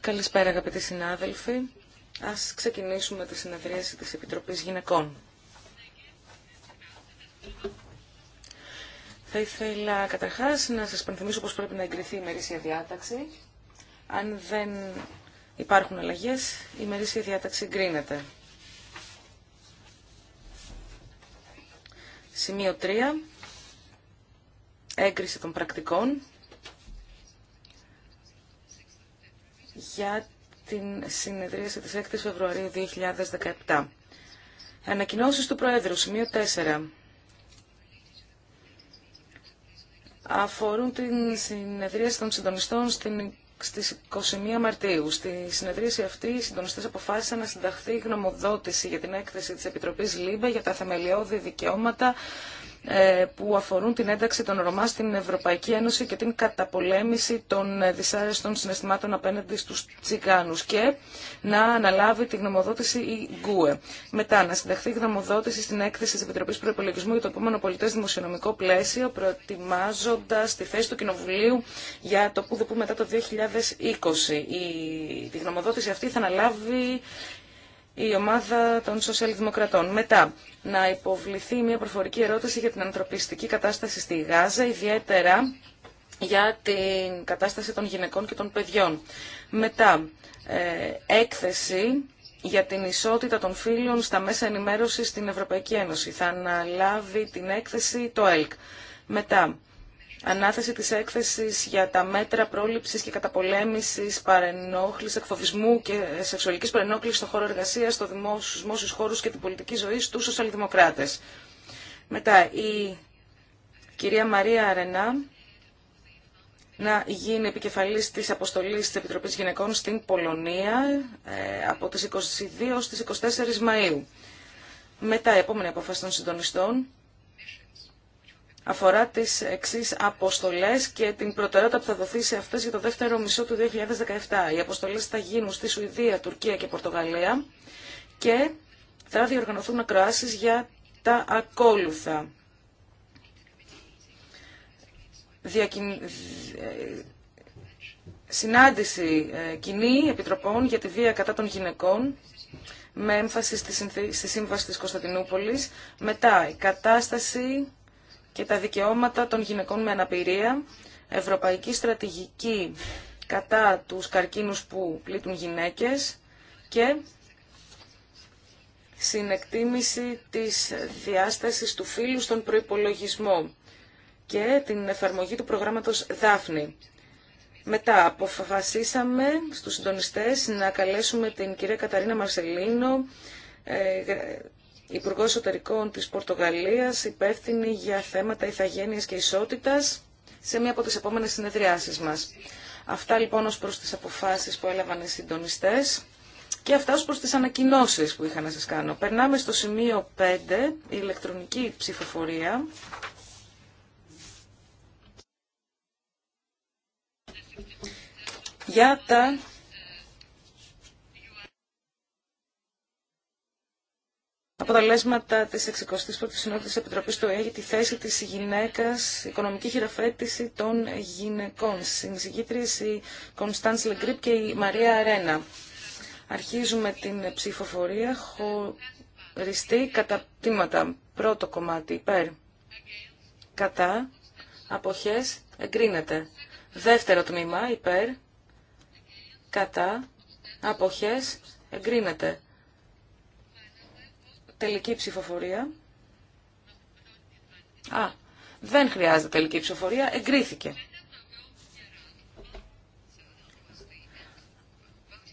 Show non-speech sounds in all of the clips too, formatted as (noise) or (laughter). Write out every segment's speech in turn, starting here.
Καλησπέρα αγαπητοί συνάδελφοι. Ας ξεκινήσουμε τη συνεδρίαση της Επιτροπής Γυναικών. Θα ήθελα καταρχάς να σας πενθυμίσω πως πρέπει να εγκριθεί η ημερήσια διάταξη. Αν δεν υπάρχουν αλλαγές, η ημερήσια διάταξη εγκρίνεται. Σημείο 3 έγκριση των πρακτικών για την συνεδρίαση της 6ης Φεβρουαρίου 2017. Ανακοινώσεις του Προέδρου, σημείο 4. Αφορούν την συνεδρίαση των συντονιστών στην στις 21 Μαρτίου. Στη συνεδρίαση αυτή οι συντονιστές αποφάσισαν να συνταχθεί γνωμοδότηση για την έκθεση της Επιτροπής ΛΥΜΠΕ για τα θεμελιώδη δικαιώματα ε, που αφορούν την ένταξη των Ρωμά στην Ευρωπαϊκή Ένωση και την καταπολέμηση των ε, δυσάρεστων συναισθημάτων απέναντι στους τσιγκάνους και να αναλάβει τη γνωμοδότηση η ΓΚΟΕ. Μετά, να συνταχθεί γνωμοδότηση στην έκθεση της Επιτροπής Προϋπολογισμού για το επόμενο πολιτές δημοσιονομικό πλαίσιο, προετοιμάζοντας τη θέση του Κοινοβουλίου για το που μετά το 2020. Η... Τη γνωμοδότηση αυτή θα αναλάβει η ομάδα των σοσιαλδημοκρατών. Μετά, να υποβληθεί μια προφορική ερώτηση για την ανθρωπιστική κατάσταση στη Γάζα, ιδιαίτερα για την κατάσταση των γυναικών και των παιδιών. Μετά, ε, έκθεση για την ισότητα των φίλων στα μέσα ενημέρωσης στην Ευρωπαϊκή Ένωση. Θα αναλάβει την έκθεση το ΕΛΚ. Μετά, Ανάθεση της έκθεσης για τα μέτρα πρόληψης και καταπολέμησης παρενόχλησης, εκφοβισμού και σεξουαλικής παρενόχλησης στον χώρο εργασίας, στο δημόσιο, στους δημόσιους χώρους και την πολιτική ζωή στους σοσιαλδημοκράτες. Μετά η κυρία Μαρία Αρενά να γίνει επικεφαλής της αποστολής της Επιτροπής Γυναικών στην Πολωνία ε, από τις 22 στις 24 Μαΐου. Μετά η επόμενη απόφαση των συντονιστών αφορά τις εξής αποστολές και την προτεραιότητα που θα δοθεί σε αυτές για το δεύτερο μισό του 2017. Οι αποστολές θα γίνουν στη Σουηδία, Τουρκία και Πορτογαλία και θα διοργανωθούν ακροάσεις για τα ακόλουθα. Διακιν... Συνάντηση ε, κοινή επιτροπών για τη βία κατά των γυναικών με έμφαση στη, συνθή... στη Σύμβαση της Κωνσταντινούπολης. Μετά η κατάσταση και τα δικαιώματα των γυναικών με αναπηρία, ευρωπαϊκή στρατηγική κατά τους καρκίνους που πλήττουν γυναίκες και συνεκτίμηση της διάστασης του φύλου στον προϋπολογισμό και την εφαρμογή του προγράμματος Δάφνη. Μετά αποφασίσαμε στους συντονιστές να καλέσουμε την κυρία Καταρίνα Μαρσελίνο, ε, Υπουργό Εσωτερικών της Πορτογαλίας, υπεύθυνη για θέματα ηθαγένειας και ισότητας σε μία από τις επόμενες συνεδριάσεις μας. Αυτά λοιπόν ως προς τις αποφάσεις που έλαβαν οι συντονιστές και αυτά ως προς τις ανακοινώσεις που είχα να σας κάνω. Περνάμε στο σημείο 5, η ηλεκτρονική ψηφοφορία. Για τα αποτελέσματα της 61ης Συνόδου Επιτροπή του ΕΕ για τη θέση της γυναίκα, οικονομική χειροφέτηση των γυναικών. Συνσηγήτριε η Κωνσταντ Λεγκρίπ και η Μαρία Αρένα. Αρχίζουμε την ψηφοφορία χωριστή κατά τμήματα. Πρώτο κομμάτι υπέρ. Κατά. Αποχές. Εγκρίνεται. Δεύτερο τμήμα υπέρ. Κατά. απόχέ, Εγκρίνεται τελική ψηφοφορία. Α, δεν χρειάζεται τελική ψηφοφορία, εγκρίθηκε.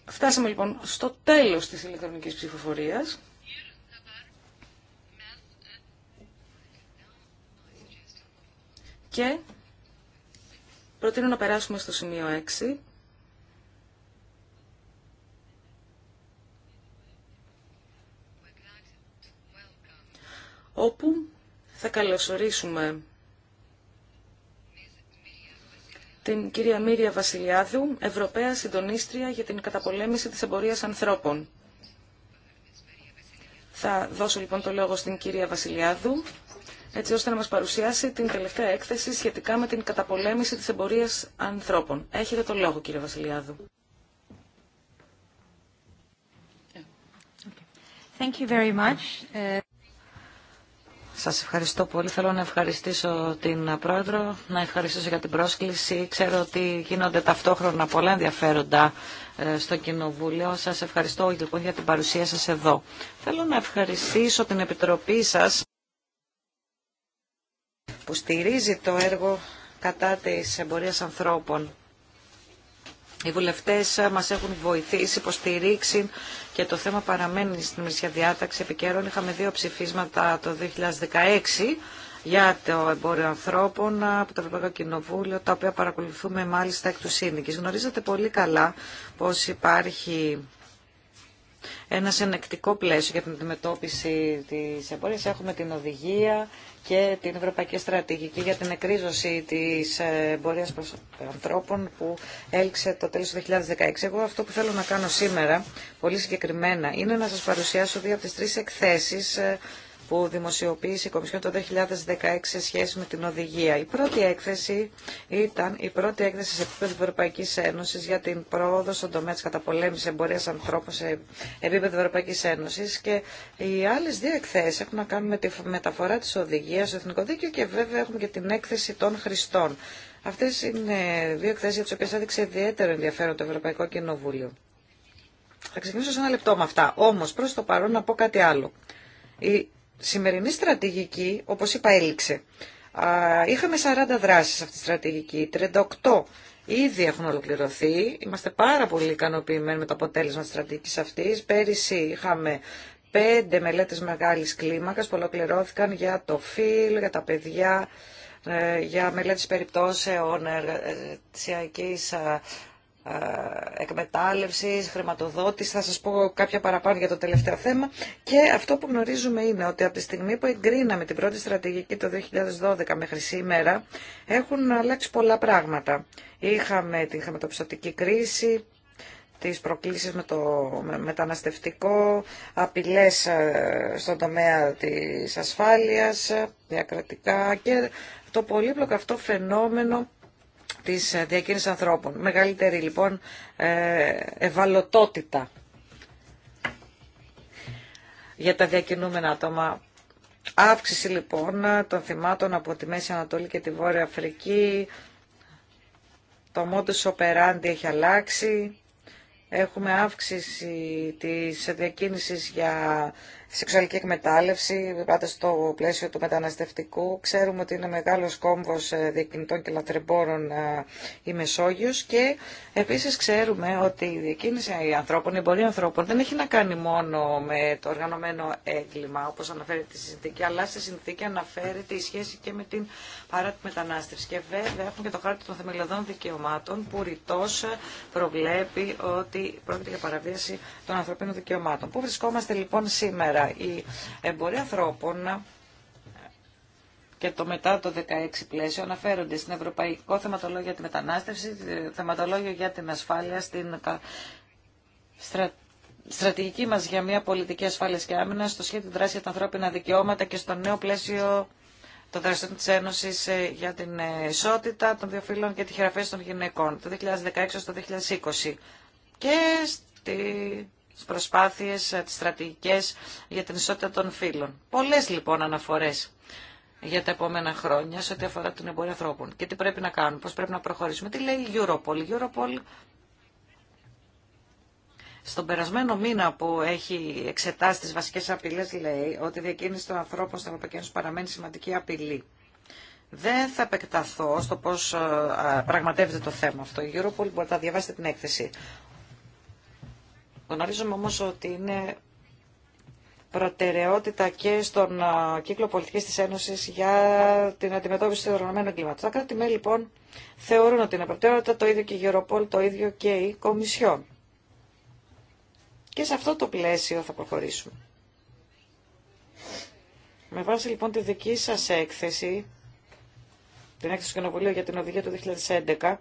Φτάσαμε λοιπόν στο τέλος της ηλεκτρονικής ψηφοφορίας. Και προτείνω να περάσουμε στο σημείο 6 όπου θα καλωσορίσουμε την κυρία Μύρια Βασιλιάδου, Ευρωπαία Συντονίστρια για την καταπολέμηση της εμπορίας ανθρώπων. Θα δώσω λοιπόν το λόγο στην κυρία Βασιλιάδου, έτσι ώστε να μας παρουσιάσει την τελευταία έκθεση σχετικά με την καταπολέμηση της εμπορίας ανθρώπων. Έχετε το λόγο κύριε Βασιλιάδου. Ε, σας ευχαριστώ πολύ. Θέλω να ευχαριστήσω την Πρόεδρο, να ευχαριστήσω για την πρόσκληση. Ξέρω ότι γίνονται ταυτόχρονα πολλά ενδιαφέροντα ε, στο Κοινοβούλιο. Σας ευχαριστώ λοιπόν για την παρουσία σας εδώ. Θέλω να ευχαριστήσω την Επιτροπή σας που στηρίζει το έργο κατά της εμπορίας ανθρώπων. Οι βουλευτέ μας έχουν βοηθήσει, υποστηρίξει και το θέμα παραμένει στην ημερησία διάταξη. Επικαιρών είχαμε δύο ψηφίσματα το 2016 για το εμπόριο ανθρώπων από το Ευρωπαϊκό Κοινοβούλιο, τα οποία παρακολουθούμε μάλιστα εκ του σύνδικης. Γνωρίζετε πολύ καλά πως υπάρχει ένα συνεκτικό πλαίσιο για την αντιμετώπιση της εμπορία. Έχουμε την οδηγία και την Ευρωπαϊκή Στρατηγική για την εκρίζωση της ε, εμπορίας προς ανθρώπων που έλξε το τέλος του 2016. Εγώ αυτό που θέλω να κάνω σήμερα, πολύ συγκεκριμένα, είναι να σας παρουσιάσω δύο από τις τρεις εκθέσεις ε, που δημοσιοποίησε η Κομισιόν το 2016 σε σχέση με την οδηγία. Η πρώτη έκθεση ήταν η πρώτη έκθεση σε επίπεδο Ευρωπαϊκή Ένωση για την πρόοδο στον τομέα τη καταπολέμηση εμπορία ανθρώπων σε επίπεδο Ευρωπαϊκή Ένωση. Και οι άλλε δύο εκθέσει έχουν να κάνουν με τη μεταφορά τη οδηγία στο εθνικό δίκαιο και βέβαια έχουμε και την έκθεση των χρηστών. Αυτέ είναι δύο εκθέσει για τι οποίε έδειξε ιδιαίτερο ενδιαφέρον το Ευρωπαϊκό Κοινοβούλιο. Θα ξεκινήσω σε ένα λεπτό με αυτά. Όμω προ το παρόν να πω κάτι άλλο. Η σημερινή στρατηγική, όπως είπα, έληξε. Είχαμε 40 δράσεις αυτή τη στρατηγική, 38 ήδη έχουν ολοκληρωθεί. Είμαστε πάρα πολύ ικανοποιημένοι με το αποτέλεσμα της στρατηγικής αυτής. Πέρυσι είχαμε πέντε μελέτες μεγάλης κλίμακας που ολοκληρώθηκαν για το φίλ, για τα παιδιά, ε, για μελέτες περιπτώσεων εργασιακής ε, ε, ε, εκμετάλλευσης, χρηματοδότηση, θα σας πω κάποια παραπάνω για το τελευταίο θέμα και αυτό που γνωρίζουμε είναι ότι από τη στιγμή που εγκρίναμε την πρώτη στρατηγική το 2012 μέχρι σήμερα έχουν αλλάξει πολλά πράγματα. Είχαμε την χρηματοπιστωτική κρίση, τις προκλήσεις με το μεταναστευτικό, απειλές ε, στον τομέα της ασφάλειας, ε, διακρατικά και το πολύπλοκο αυτό φαινόμενο της ε, διακίνησης ανθρώπων. Μεγαλύτερη λοιπόν ε, ευαλωτότητα για τα διακινούμενα άτομα. Αύξηση λοιπόν των θυμάτων από τη Μέση Ανατολή και τη Βόρεια Αφρική. Το μόντους operandi έχει αλλάξει. Έχουμε αύξηση της διακίνησης για σεξουαλική εκμετάλλευση, πάντα στο πλαίσιο του μεταναστευτικού. Ξέρουμε ότι είναι μεγάλος κόμβος ε, διακινητών και λατρεμπόρων ε, η Μεσόγειος και επίσης ξέρουμε ότι η διακίνηση ανθρώπων, η εμπορία ανθρώπων δεν έχει να κάνει μόνο με το οργανωμένο έγκλημα, όπως αναφέρεται στη συνθήκη, αλλά στη συνθήκη αναφέρεται η σχέση και με την παρά μετανάστευση. Και βέβαια έχουμε και το χάρτη των θεμελιωδών δικαιωμάτων που ρητός ε, προβλέπει ότι πρόκειται για παραβίαση των ανθρωπίνων δικαιωμάτων. Πού βρισκόμαστε λοιπόν σήμερα σήμερα η εμπορία ανθρώπων και το μετά το 16 πλαίσιο αναφέρονται στην Ευρωπαϊκό Θεματολόγιο για τη Μετανάστευση, Θεματολόγιο για την Ασφάλεια, στην στρατηγική μας για μια πολιτική ασφάλεια και άμυνα, στο σχέδιο δράση για τα ανθρώπινα δικαιώματα και στο νέο πλαίσιο των δραστηριών της Ένωσης ε, για την ε, ισότητα των δύο φύλων και τη χειραφέση των γυναικών, το 2016 στο 2020. Και στη στις προσπάθειες, ε, τις στρατηγικές για την ισότητα των φύλων. Πολλές λοιπόν αναφορές για τα επόμενα χρόνια σε ό,τι αφορά την εμπορία ανθρώπων και τι πρέπει να κάνουμε, πώς πρέπει να προχωρήσουμε. Τι λέει η Europol. Η Europol στον περασμένο μήνα που έχει εξετάσει τις βασικές απειλές λέει ότι η διακίνηση των ανθρώπων στην Ευρωπαϊκή Ένωση παραμένει σημαντική απειλή. Δεν θα επεκταθώ στο πώ ε, πραγματεύεται το θέμα αυτό. Η Europol μπορεί να διαβάσετε την έκθεση. Γνωρίζουμε όμως ότι είναι προτεραιότητα και στον κύκλο πολιτικής της Ένωσης για την αντιμετώπιση του οργανωμένου εγκλήματος. Τα κράτη-μέλη λοιπόν θεωρούν ότι είναι προτεραιότητα το ίδιο και η Europol, το ίδιο και η Κομισιόν. Και σε αυτό το πλαίσιο θα προχωρήσουμε. Με βάση λοιπόν τη δική σας έκθεση, την έκθεση του Κοινοβουλίου για την οδηγία του 2011,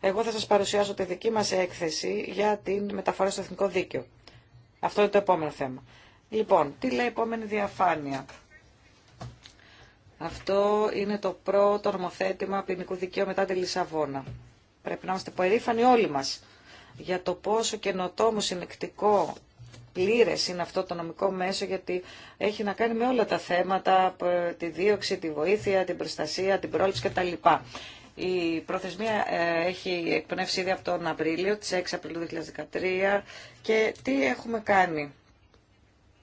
εγώ θα σας παρουσιάσω τη δική μας έκθεση για την μεταφορά στο εθνικό δίκαιο. Αυτό είναι το επόμενο θέμα. Λοιπόν, τι λέει η επόμενη διαφάνεια. Αυτό είναι το πρώτο νομοθέτημα ποινικού δικαίου μετά τη Λισαβόνα. Πρέπει να είμαστε περήφανοι όλοι μας για το πόσο καινοτόμο, συνεκτικό, πλήρε είναι αυτό το νομικό μέσο γιατί έχει να κάνει με όλα τα θέματα, τη δίωξη, τη βοήθεια, την προστασία, την πρόληψη κτλ. Η προθεσμία ε, έχει εκπνεύσει ήδη από τον Απρίλιο, τις 6 Απριλίου 2013. Και τι έχουμε κάνει.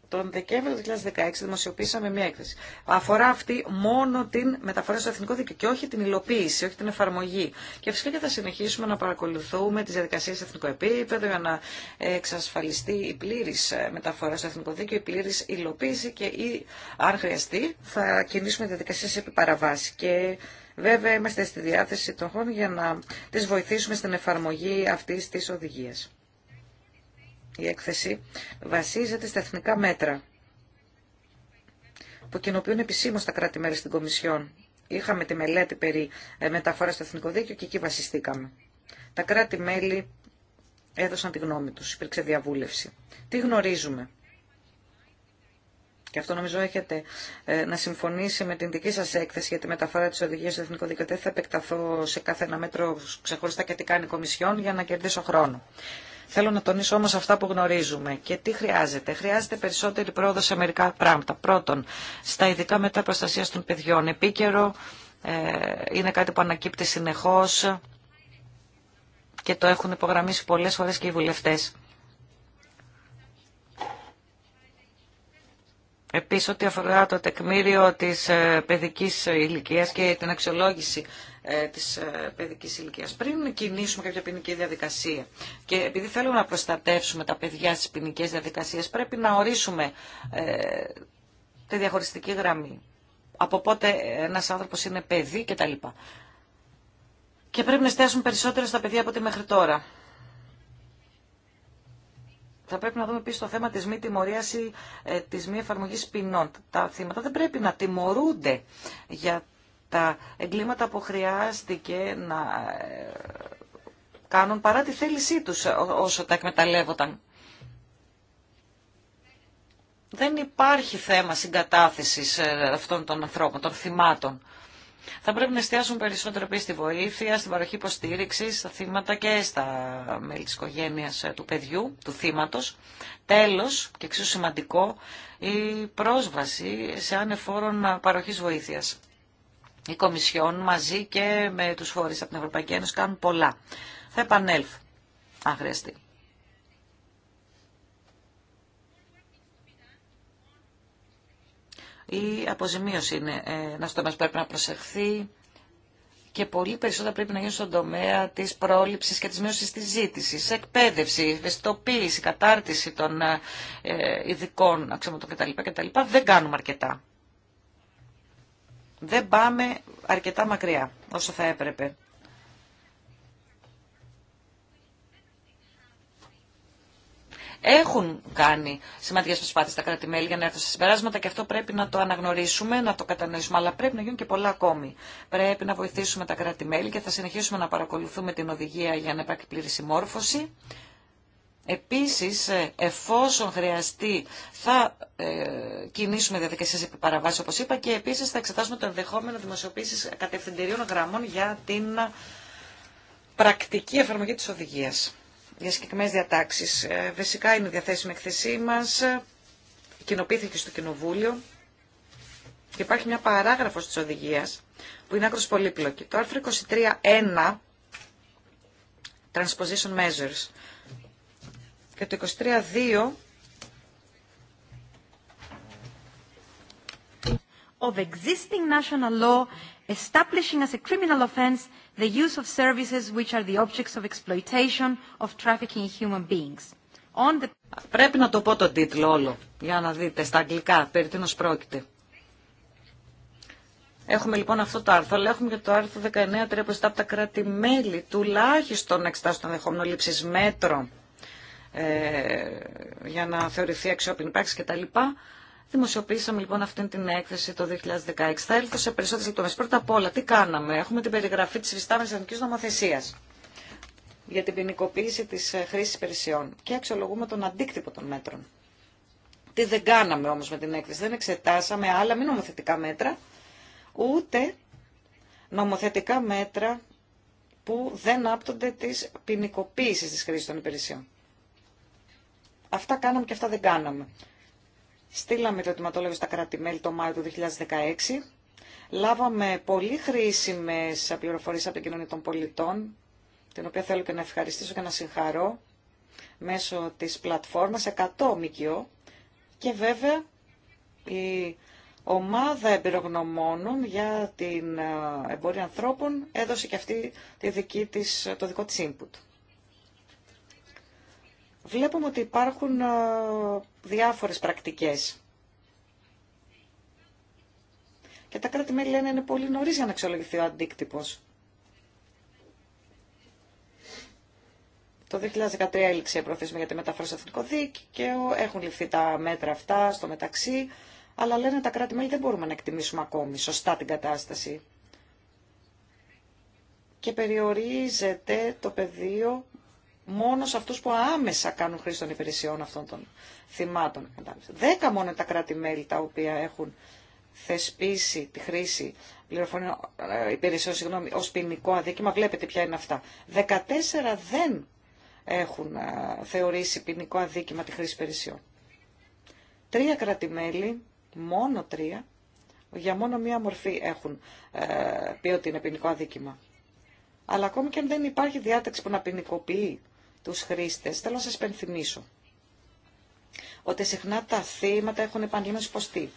Τον Δεκέμβριο του 2016 δημοσιοποίησαμε μια έκθεση. Αφορά αυτή μόνο την μεταφορά στο εθνικό δίκαιο και όχι την υλοποίηση, όχι την εφαρμογή. Και φυσικά και θα συνεχίσουμε να παρακολουθούμε τι διαδικασίε σε εθνικό επίπεδο για να εξασφαλιστεί η πλήρη ε, μεταφορά στο εθνικό δίκαιο, η πλήρη υλοποίηση και ή, αν χρειαστεί θα κινήσουμε διαδικασίε επί παραβάση. Και Βέβαια είμαστε στη διάθεση των χώρων για να τις βοηθήσουμε στην εφαρμογή αυτής της οδηγίας. Η έκθεση βασίζεται στα εθνικά μέτρα που κοινοποιούν επισήμως τα κράτη-μέρη στην Κομισιόν. Είχαμε τη μελέτη περί ε, μεταφοράς στο εθνικό δίκαιο και εκεί βασιστήκαμε. Τα κράτη-μέλη έδωσαν τη γνώμη τους, υπήρξε διαβούλευση. Τι γνωρίζουμε και αυτό νομίζω έχετε ε, να συμφωνήσει με την δική σας έκθεση για τη μεταφορά της οδηγίας στο Εθνικό Δίκαιο. θα επεκταθώ σε κάθε ένα μέτρο ξεχωριστά και τι κάνει η Κομισιόν για να κερδίσω χρόνο. Θέλω να τονίσω όμως αυτά που γνωρίζουμε. Και τι χρειάζεται. Χρειάζεται περισσότερη πρόοδο σε μερικά πράγματα. Πρώτον, στα ειδικά μετά προστασία των παιδιών. Επίκαιρο ε, είναι κάτι που ανακύπτει συνεχώς και το έχουν υπογραμμίσει πολλές φορές και οι βουλευτέ. Επίσης, ό,τι αφορά το τεκμήριο της ε, παιδικής ηλικίας και την αξιολόγηση ε, της ε, παιδικής ηλικίας. Πριν κινήσουμε κάποια ποινική διαδικασία και επειδή θέλουμε να προστατεύσουμε τα παιδιά στις ποινικέ διαδικασίες, πρέπει να ορίσουμε τη διαχωριστική γραμμή. Από πότε ένας άνθρωπος είναι παιδί κτλ. Και πρέπει να εστιάσουμε περισσότερο στα παιδιά από ό,τι μέχρι τώρα. Θα πρέπει να δούμε επίση το θέμα τη μη τιμωρία ή ε, τη μη εφαρμογή ποινών. Τα θύματα δεν πρέπει να τιμωρούνται για τα εγκλήματα που χρειάστηκε να ε, κάνουν παρά τη θέλησή τους ε, όσο τα εκμεταλλεύονταν. Δεν υπάρχει θέμα συγκατάθεσης αυτών των ανθρώπων, των θυμάτων. Θα πρέπει να εστιάσουν περισσότερο στη βοήθεια, στην παροχή υποστήριξη στα θύματα και στα μέλη τη οικογένεια ε, του παιδιού, του θύματο. Τέλο, και εξίσου σημαντικό, η πρόσβαση σε ανεφόρον παροχή βοήθεια. Η Κομισιόν μαζί και με τους φορείς από την Ευρωπαϊκή Ένωση κάνουν πολλά. Θα επανέλθω, αν χρειαστεί. Η αποζημίωση είναι ένα τομέα που πρέπει να προσεχθεί και πολύ περισσότερα πρέπει να γίνουν στον τομέα τη πρόληψη και τη μείωση τη ζήτηση. Εκπαίδευση, ευαισθητοποίηση, κατάρτιση των ε, ειδικών αξιωματών κτλ. κτλ. Δεν κάνουμε αρκετά. Δεν πάμε αρκετά μακριά όσο θα έπρεπε. Έχουν κάνει σημαντικέ προσπάθειε τα κράτη-μέλη για να έρθουν σε συμπεράσματα και αυτό πρέπει να το αναγνωρίσουμε, να το κατανοήσουμε. Αλλά πρέπει να γίνουν και πολλά ακόμη. Πρέπει να βοηθήσουμε τα κράτη-μέλη και θα συνεχίσουμε να παρακολουθούμε την οδηγία για να υπάρχει πλήρη συμμόρφωση. Επίσης, ε, εφόσον χρειαστεί, θα ε, κινήσουμε διαδικασίες επί παραβάση, όπως είπα, και επίσης θα εξετάσουμε το ενδεχόμενο δημοσιοποίησης κατευθυντηρίων γραμμών για την ε, πρακτική εφαρμογή της οδηγίας για συγκεκριμένε διατάξει. Ε, βεσικά είναι διαθέσιμη εκθεσή μα, κοινοποιήθηκε στο Κοινοβούλιο και υπάρχει μια παράγραφο τη οδηγία που είναι άκρω πολύπλοκη. Το άρθρο 23.1 Transposition Measures και το 23.2 of existing national law establishing as a criminal offence the use of services which are the objects of exploitation of trafficking human beings. Πρέπει να το πω τον τίτλο όλο, για να δείτε στα αγγλικά περί τίνος πρόκειται. Έχουμε λοιπόν αυτό το άρθρο, αλλά έχουμε και το άρθρο 19 τρέποστα από τα κράτη-μέλη, τουλάχιστον να εξετάσουν το ενδεχόμενο λήψη μέτρων ε, για να θεωρηθεί αξιόπινη πράξη κτλ. Δημοσιοποίησαμε λοιπόν αυτή την έκθεση το 2016. Θα έλθω σε περισσότερε λεπτομέρειε. Πρώτα απ' όλα, τι κάναμε. Έχουμε την περιγραφή τη Ριστάμενη εθνική νομοθεσία για την ποινικοποίηση τη ε, χρήση υπηρεσιών και αξιολογούμε τον αντίκτυπο των μέτρων. Τι δεν κάναμε όμω με την έκθεση. Δεν εξετάσαμε άλλα μη νομοθετικά μέτρα, ούτε νομοθετικά μέτρα που δεν άπτονται τη ποινικοποίηση τη χρήση των υπηρεσιών. Αυτά κάναμε και αυτά δεν κάναμε. Στείλαμε το ετοιματόλευε στα κράτη-μέλη το Μάιο του 2016. Λάβαμε πολύ χρήσιμες πληροφορίες από την κοινωνία των πολιτών, την οποία θέλω και να ευχαριστήσω και να συγχαρώ μέσω της πλατφόρμας 100 ΜΚΟ και βέβαια η ομάδα εμπειρογνωμόνων για την ε, εμπορία ανθρώπων έδωσε και αυτή τη δική της, το δικό της input. Βλέπουμε ότι υπάρχουν ε, διάφορες πρακτικές. Και τα κράτη-μέλη λένε είναι πολύ νωρίς για να αξιολογηθεί ο αντίκτυπος. Το 2013 έληξε η προθεσμία για τη μεταφορά στο εθνικό δίκαιο, έχουν ληφθεί τα μέτρα αυτά στο μεταξύ, αλλά λένε τα κράτη-μέλη δεν μπορούμε να εκτιμήσουμε ακόμη σωστά την κατάσταση. Και περιορίζεται το πεδίο μόνο σε αυτούς που άμεσα κάνουν χρήση των υπηρεσιών αυτών των θυμάτων. Δέκα μόνο τα κράτη-μέλη τα οποία έχουν θεσπίσει τη χρήση πληροφοριών ε, υπηρεσιών συγγνώμη, ως ποινικό αδίκημα. Βλέπετε ποια είναι αυτά. 14 δεν έχουν ε, θεωρήσει ποινικό αδίκημα τη χρήση υπηρεσιών. Τρία κράτη-μέλη, μόνο τρία, για μόνο μία μορφή έχουν ε, πει ότι είναι ποινικό αδίκημα. Αλλά ακόμη και αν δεν υπάρχει διάταξη που να ποινικοποιεί τους χρήστες. Θέλω να σας υπενθυμίσω ότι συχνά τα θύματα έχουν επανειλημμένως υποστεί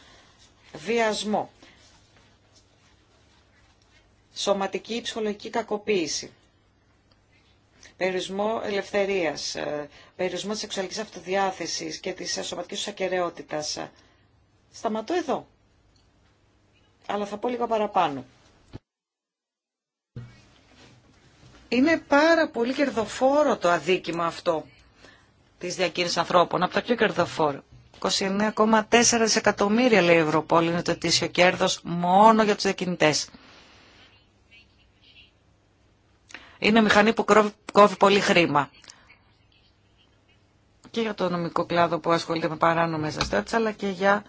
βιασμό, σωματική ή ψυχολογική κακοποίηση, περιορισμό ελευθερίας, ε, περιορισμό της σεξουαλικής αυτοδιάθεσης και της σωματικής του Σταματώ εδώ, αλλά θα πω λίγο παραπάνω. Είναι πάρα πολύ κερδοφόρο το αδίκημα αυτό της διακίνησης ανθρώπων, από τα πιο κερδοφόρο. 29,4 δισεκατομμύρια λέει η Ευρωπόλη είναι το ετήσιο κέρδος μόνο για τους διακινητές. Είναι μηχανή που κόβει πολύ χρήμα. Και για το νομικό κλάδο που ασχολείται με παράνομες αστέτες, αλλά και για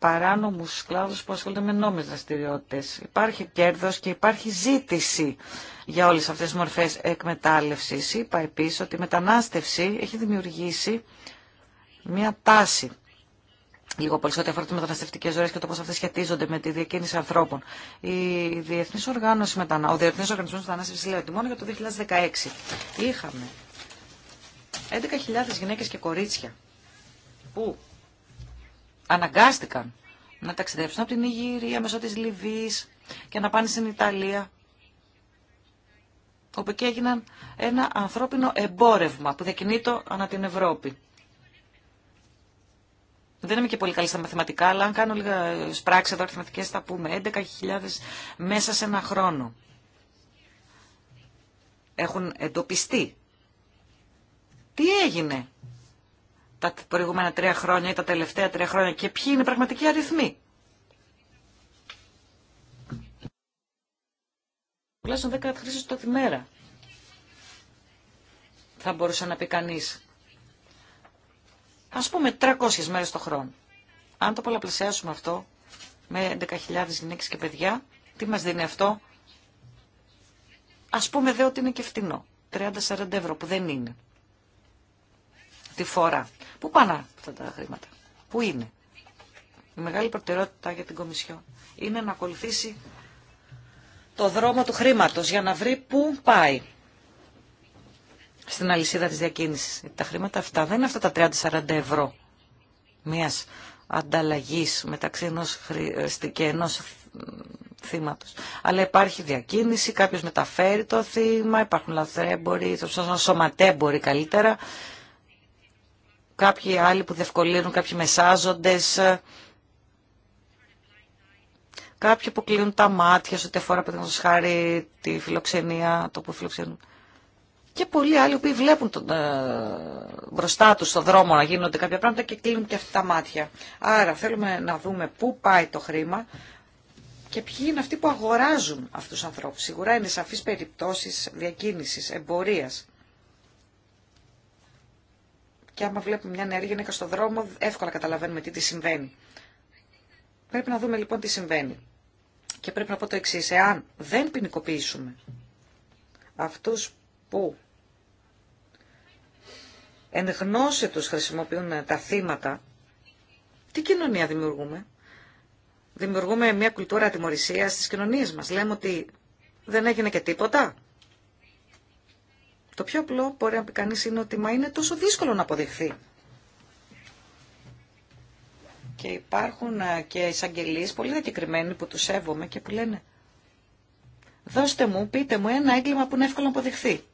παράνομους κλάδους που ασχολούνται με νόμιες δραστηριότητε. Υπάρχει κέρδος και υπάρχει ζήτηση για όλες αυτές τις μορφές εκμετάλλευσης. Είπα επίσης ότι η μετανάστευση έχει δημιουργήσει μια τάση λίγο πολύ σε ό,τι αφορά τι μεταναστευτικέ ζωέ και το πώ αυτέ σχετίζονται με τη διακίνηση ανθρώπων. Η Διεθνής Οργάνωση Μετανα... Ο Διεθνή Οργανισμό Μετανάστευση λέει ότι μόνο για το 2016 είχαμε 11.000 γυναίκε και κορίτσια που αναγκάστηκαν να ταξιδέψουν από την Ιγυρία μέσω της Λιβύης και να πάνε στην Ιταλία όπου και έγιναν ένα ανθρώπινο εμπόρευμα που διακινείται ανά την Ευρώπη. Δεν είμαι και πολύ καλή στα μαθηματικά, αλλά αν κάνω λίγα σπράξεις εδώ αριθματικές θα πούμε 11.000 μέσα σε ένα χρόνο. Έχουν εντοπιστεί. Τι έγινε τα προηγούμενα τρία χρόνια ή τα τελευταία τρία χρόνια και ποιοι είναι πραγματικοί αριθμοί. Τουλάχιστον 10 χρήσει το τη μέρα. Θα μπορούσε να πει κανεί. Α πούμε 300 μέρε το χρόνο. Αν το πολλαπλασιάσουμε αυτό με 11.000 γυναίκε και παιδιά, τι μα δίνει αυτό. Α πούμε δε ότι είναι και φτηνό. 30-40 ευρώ που δεν είναι. Τη φορά. Πού πάνε αυτά τα χρήματα, πού είναι. Η μεγάλη προτεραιότητα για την Κομισιό είναι να ακολουθήσει το δρόμο του χρήματος για να βρει πού πάει στην αλυσίδα της διακίνησης. Τα χρήματα αυτά δεν είναι αυτά τα 30-40 ευρώ μιας ανταλλαγής μεταξύ ενός χρήστη ε, και ενό θύματος. Αλλά υπάρχει διακίνηση, κάποιος μεταφέρει το θύμα, υπάρχουν λαθρέμποροι, σωματέμποροι καλύτερα κάποιοι άλλοι που δευκολύνουν, κάποιοι μεσάζοντες, ε, κάποιοι που κλείνουν τα μάτια σε ό,τι αφορά, χάρη, τη φιλοξενία, το που φιλοξενούν. Και πολλοί άλλοι που βλέπουν τον, ε, μπροστά του στον δρόμο να γίνονται κάποια πράγματα και κλείνουν και αυτά τα μάτια. Άρα θέλουμε να δούμε πού πάει το χρήμα και ποιοι είναι αυτοί που αγοράζουν αυτούς τους ανθρώπους. Σίγουρα είναι σαφείς περιπτώσεις διακίνησης, εμπορίας και άμα βλέπουμε μια νεαρή γυναίκα στον δρόμο, εύκολα καταλαβαίνουμε τι τη συμβαίνει. Πρέπει να δούμε λοιπόν τι συμβαίνει. Και πρέπει να πω το εξή. Εάν δεν ποινικοποιήσουμε αυτού που εν γνώση τους χρησιμοποιούν τα θύματα, τι κοινωνία δημιουργούμε. Δημιουργούμε μια κουλτούρα ατιμορρησίας στις κοινωνίες μας. Λέμε ότι δεν έγινε και τίποτα. Το πιο απλό μπορεί να πει κανεί είναι ότι μα είναι τόσο δύσκολο να αποδειχθεί. Και υπάρχουν ε, και εισαγγελίε πολύ δεκεκριμένοι, που του σέβομαι και που λένε δώστε μου, πείτε μου ένα έγκλημα που είναι εύκολο να αποδειχθεί.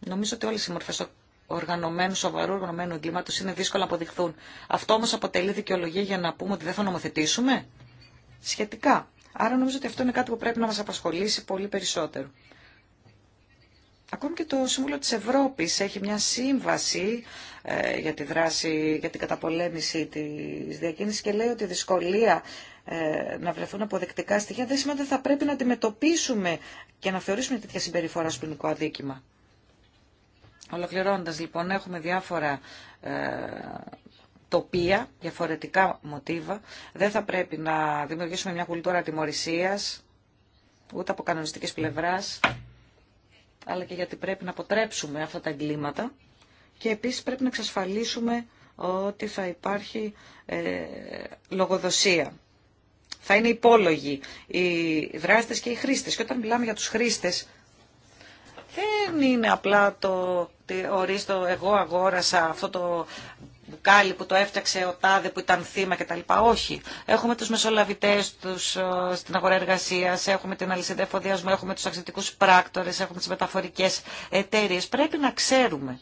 Νομίζω ότι όλε οι μορφές οργανωμένου, σοβαρού οργανωμένου εγκλήματο είναι δύσκολο να αποδειχθούν. Αυτό όμω αποτελεί δικαιολογία για να πούμε ότι δεν θα νομοθετήσουμε. Σχετικά. Άρα νομίζω ότι αυτό είναι κάτι που πρέπει να μα απασχολήσει πολύ περισσότερο. Ακόμη και το Συμβούλιο της Ευρώπης έχει μια σύμβαση ε, για τη δράση, για την καταπολέμηση της διακίνησης και λέει ότι η δυσκολία ε, να βρεθούν αποδεκτικά στοιχεία δεν σημαίνει ότι θα πρέπει να αντιμετωπίσουμε και να θεωρήσουμε τέτοια συμπεριφορά στο ποινικό αδίκημα. Ολοκληρώνοντας λοιπόν έχουμε διάφορα ε, τοπία, διαφορετικά μοτίβα. Δεν θα πρέπει να δημιουργήσουμε μια κουλτούρα τιμωρησίας, ούτε από κανονιστικής πλευράς αλλά και γιατί πρέπει να αποτρέψουμε αυτά τα εγκλήματα και επίσης πρέπει να εξασφαλίσουμε ότι θα υπάρχει ε, λογοδοσία. Θα είναι υπόλογοι οι δράστες και οι χρήστες. Και όταν μιλάμε για τους χρήστες, δεν είναι απλά το ότι ορίστε εγώ αγόρασα αυτό το μπουκάλι που το έφτιαξε ο τάδε που ήταν θύμα κτλ. Όχι. Έχουμε τους μεσολαβητέ του ε, στην αγορά εργασία, έχουμε την αλυσίδα εφοδιασμού, έχουμε τους αξιωτικού πράκτορες, έχουμε τις μεταφορικές εταιρείε. Πρέπει να ξέρουμε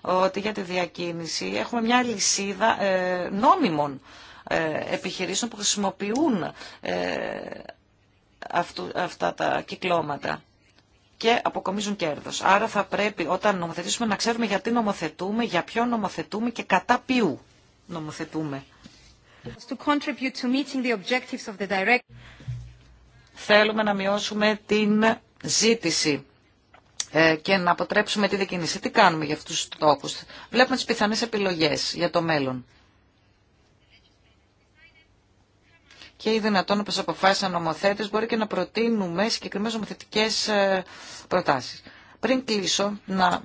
ότι για τη διακίνηση έχουμε μια λυσίδα ε, νόμιμων ε, επιχειρήσεων που χρησιμοποιούν αυτά τα κυκλώματα και αποκομίζουν κέρδο. Άρα θα πρέπει όταν νομοθετήσουμε να ξέρουμε γιατί νομοθετούμε, για ποιο νομοθετούμε και κατά ποιού νομοθετούμε. Θέλουμε να μειώσουμε την ζήτηση ε, και να αποτρέψουμε τη δικίνηση. Τι κάνουμε για αυτούς τους τόκους. Βλέπουμε τις πιθανές επιλογές για το μέλλον. και οι δυνατόν όπως αποφάσισαν νομοθέτες μπορεί και να προτείνουμε συγκεκριμένες νομοθετικές ε, προτάσεις. Πριν κλείσω, να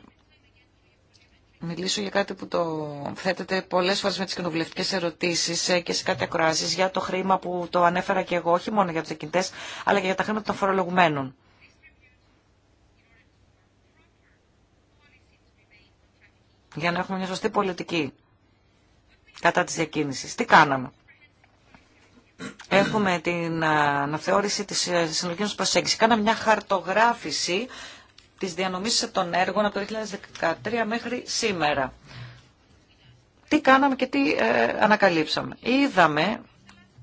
μιλήσω για κάτι που το θέτεται πολλές φορές με τις κοινοβουλευτικές ερωτήσεις ε, και σε κάτι ακροάσεις για το χρήμα που το ανέφερα και εγώ, όχι μόνο για τους εκκινητές, αλλά και για τα χρήματα των φορολογουμένων. για να έχουμε μια σωστή πολιτική κατά της διακίνησης. Τι κάναμε έχουμε την ε, αναθεώρηση της ε, συνολικής προσέγγισης. Κάναμε μια χαρτογράφηση της διανομής των έργων από το 2013 μέχρι σήμερα. Τι κάναμε και τι ε, ανακαλύψαμε. Είδαμε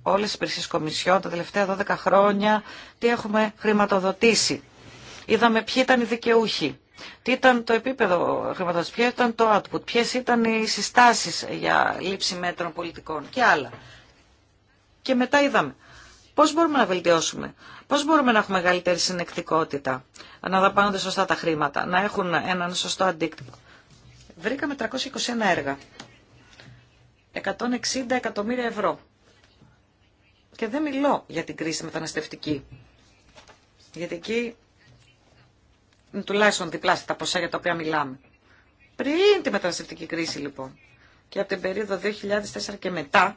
όλες τις υπηρεσίες κομισιών τα τελευταία 12 χρόνια τι έχουμε χρηματοδοτήσει. Είδαμε ποιοι ήταν οι δικαιούχοι. Τι ήταν το επίπεδο χρηματοδότηση, ποιο ήταν το output, ποιε ήταν οι συστάσει για λήψη μέτρων πολιτικών και άλλα και μετά είδαμε. Πώς μπορούμε να βελτιώσουμε, πώς μπορούμε να έχουμε μεγαλύτερη συνεκτικότητα, να δαπάνονται σωστά τα χρήματα, να έχουν έναν σωστό αντίκτυπο. Βρήκαμε 321 έργα, 160 εκατομμύρια ευρώ. Και δεν μιλώ για την κρίση μεταναστευτική, γιατί εκεί είναι τουλάχιστον διπλάσια τα ποσά για τα οποία μιλάμε. Πριν τη μεταναστευτική κρίση λοιπόν και από την περίοδο 2004 και μετά,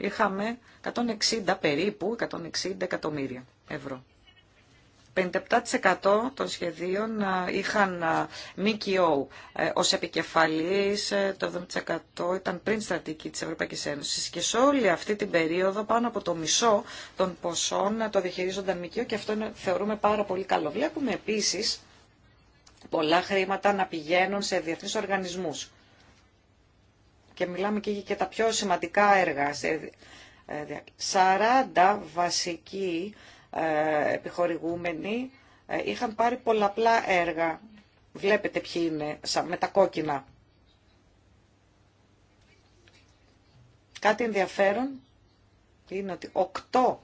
είχαμε 160 περίπου, 160 εκατομμύρια ευρώ. 57% των σχεδίων ε, είχαν ε, ΜΚΟ ε, ως επικεφαλής, το 70% ήταν πριν στρατική της Ευρωπαϊκής Ένωσης και σε όλη αυτή την περίοδο πάνω από το μισό των ποσών το διαχειρίζονταν ΜΚΟ και αυτό θεωρούμε πάρα πολύ καλό. Βλέπουμε επίσης πολλά χρήματα να πηγαίνουν σε διεθνείς οργανισμούς και μιλάμε και για τα πιο σημαντικά έργα. 40 ε, βασικοί ε, επιχορηγούμενοι ε, είχαν πάρει πολλαπλά έργα. Βλέπετε ποιοι είναι, με τα κόκκινα. Κάτι ενδιαφέρον είναι ότι 8